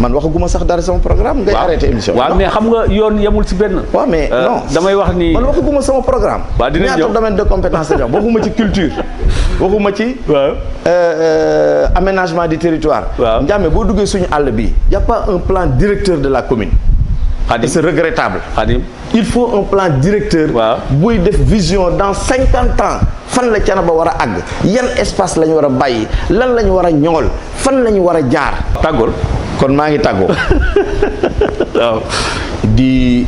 man waxaguma sax dara sama programme. ngay arrêté émission bi waaw xam nga yoon yemul si benn. waaw mais euh, damay wax ni. man waxaguma sama programme. waaw dinañ ñëw ñaata domaine de compétence la waxuma ci culture. waxuma ci. Euh, euh, aménagement du territoire. waaw boo duggee suñu àll bi y' a un plan directeur de la commune. Khadim c'est regrettable. Khadim il faut un plan directeur. waaw buy def vision dans cinquante ans. fan la Thiénaba war a àgg yan espace la ñu war a bàyyi lan la ñu war a ñool fan la ñu war a jaar. tàggool. kon maa ngi tàggoo waaw di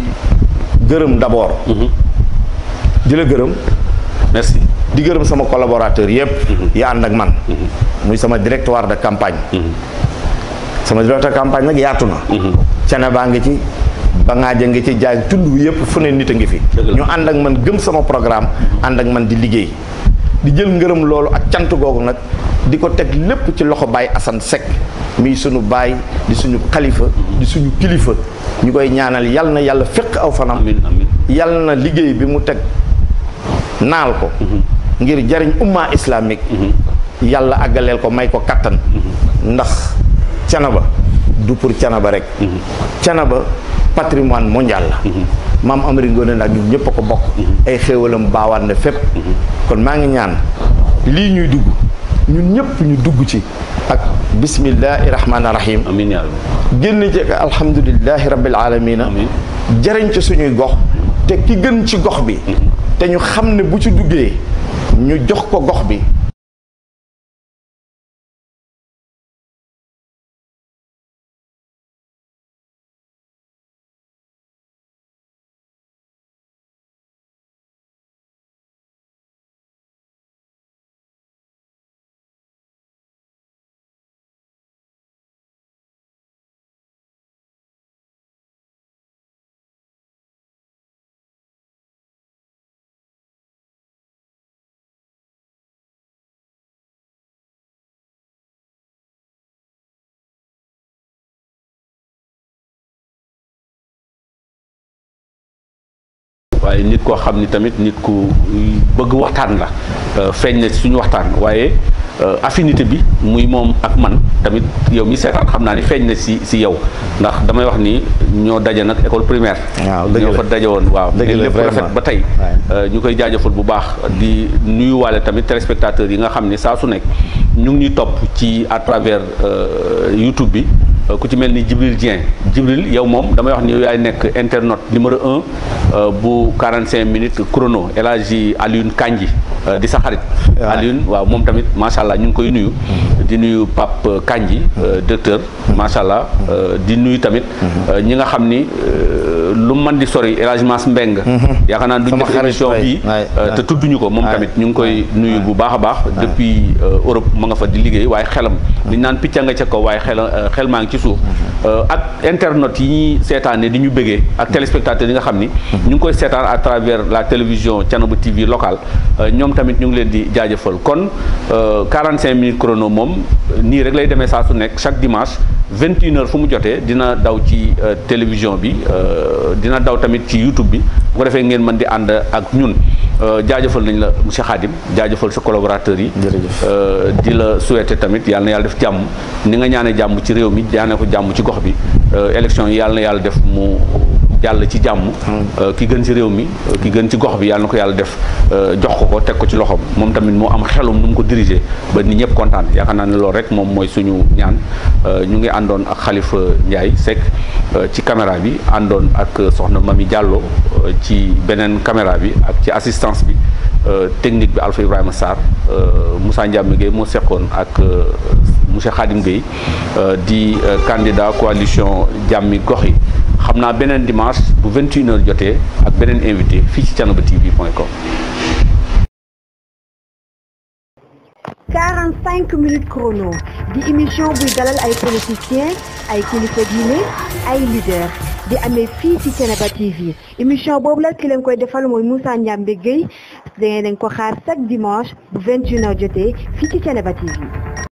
gërëm d'abord. Mm-hmm. di la gërëm. merci di gërëm sama collaborateur yëpp. Mm-hmm. yaa ànd ak man. Mm-hmm. muy sama directoire de campagne. sama directeur campagne nag yaatu na. cene baa ngi ci bangaaja ngi ci jaay tund wi yëpp fu ne nit a ngi fi. ñu ànd ak man gëm sama programme ànd ak man di liggéey. di jël ngërëm loolu ak cant googu nag di ko teg lépp ci loxo Baye Assane Seck mii suñu baay di suñu xalifa di suñu kilifa ñu koy ñaanal yal na yàlla fekk aw fanam yal na liggéey bi mu teg naal ko mm-hmm. ngir jariñ umma islamique mm-hmm. yàlla àggaleel ko may ko kattan mm-hmm. ndax Thiénaba du pour Thiénaba rek Thiénaba patrimoine mondial la maam Amari Ngoone nag ñun ñëpp a ko bokk. ay xéewalam baawaan na fépp. kon maa ngi ñaan lii ñuy dugg ñun ñëpp ñu dugg ci ak bismillahi rahmaani rahim. amiin yaa rabbi génn ci ak alhamdulilahi rabbil aalamiina. amiin jëriñ ci suñuy gox. te ki gën ci gox bi. Mm-hmm. te ñu xam ne bu ci duggee ñu jox ko gox bi. waaye nit koo xam ni tamit nit ku bëgg waxtaan la euh, feeñ na suñu waxtaan waaye euh, affinité bi muy moom ak man tamit yow mi seetaan xam naa ni feeñ na si si yow ndax damay wax ni ñoo daje nag école primaire ñoo fa daje woon waaw lépp rafet ba tey euh, ñu koy jaajëfal bu baax di nuyu nuyuwaale tamit téléspectateurs yi nga xam ni saa su nekk ñu ngi ñuy topp ci à travers YouTube bi Euh, ku ci mel ni Djibril Dieng Djibril yow moom damay wax ni yaay nekk internaute numéro un euh, bu 45 minutes chrono El Hadji Alioune Kandji euh, di sa xarit Alioune waaw moom tamit macha allah ñu ngi koy nuyu mm-hmm. di nuyu Pape Kandji directeur mm-hmm. macha allah di nuyu tamit mm-hmm. ñi nga xam ni lu mën di sori éragement mbeng mhm. yaakaar naan duñ def émission bi euh, te tudduñu ko moom tamit ñu ngi koy nuyu bu baax a baax depuis euh, Europe ma nga fa di liggéey waaye xelam di mhm. naan picca nga ca kaw waaye xel euh, xel maa ngi ci suuf mhm. ak internet yi ñuy seetaane di ñu bëggee ak téléspectateurs yi nga xam ni ñu ngi koy seetaan à travers la télévision Thiénaba TV locale ñoom tamit ñu ngi leen di jaajëfal kon 45 minutes chrono moom nii rek lay demee saa su nekk chaque dimanche vingt une heures fu mu jotee dina daw ci euh, télévision bi euh, dina daw tamit ci YouTube bi bu ko defee ngeen mën di ànd ak ñun euh, jaajëfal nañ la monsieur Khadim jaajëfal sa collaborateurs yi di la souhaiter tamit yàlla na yàlla def jàmm ni nga ñaane jàmm ci réew mi ñaane ko jàmm ci gox bi élection yi yàlla na yàlla def mu jàll ci jàmm hmm. euh, ki gën ci réew mi euh, ki gën ci gox bi yàlla na ko yàlla def euh, jox ko ko teg ko ci loxo moom tamit moo am xelum nu mu ko diriger ba nit ñëpp kontaan yaakaar naa ne loolu rek moom mooy suñu ñaan ñu ngi àndoon ak Khalifa Ndiaye Seck ci caméra bi àndoon ak soxna Mami jàlloo ci beneen caméra bi ak ci assistance bi technique bi Alpha Ibrahima Sarr Moussa Ndiamé Gueye moo seqoon ak monsieur Khadim Gueye euh, di euh, candidat coalition jàmmi gox yi xam naa beneen dimanche bu 21h jotee ak beneen invité fii ci Thiénaba TV point com. 45 minutes chrono di émission ay politiciens di amee fii ci Thiénaba TV émission boobu la ki leen koy defal mooy Moussa Ndiambe Gueye dangeen leen ko xaar chaque dimanche bu 21h jotee fii ci Thiénaba TV.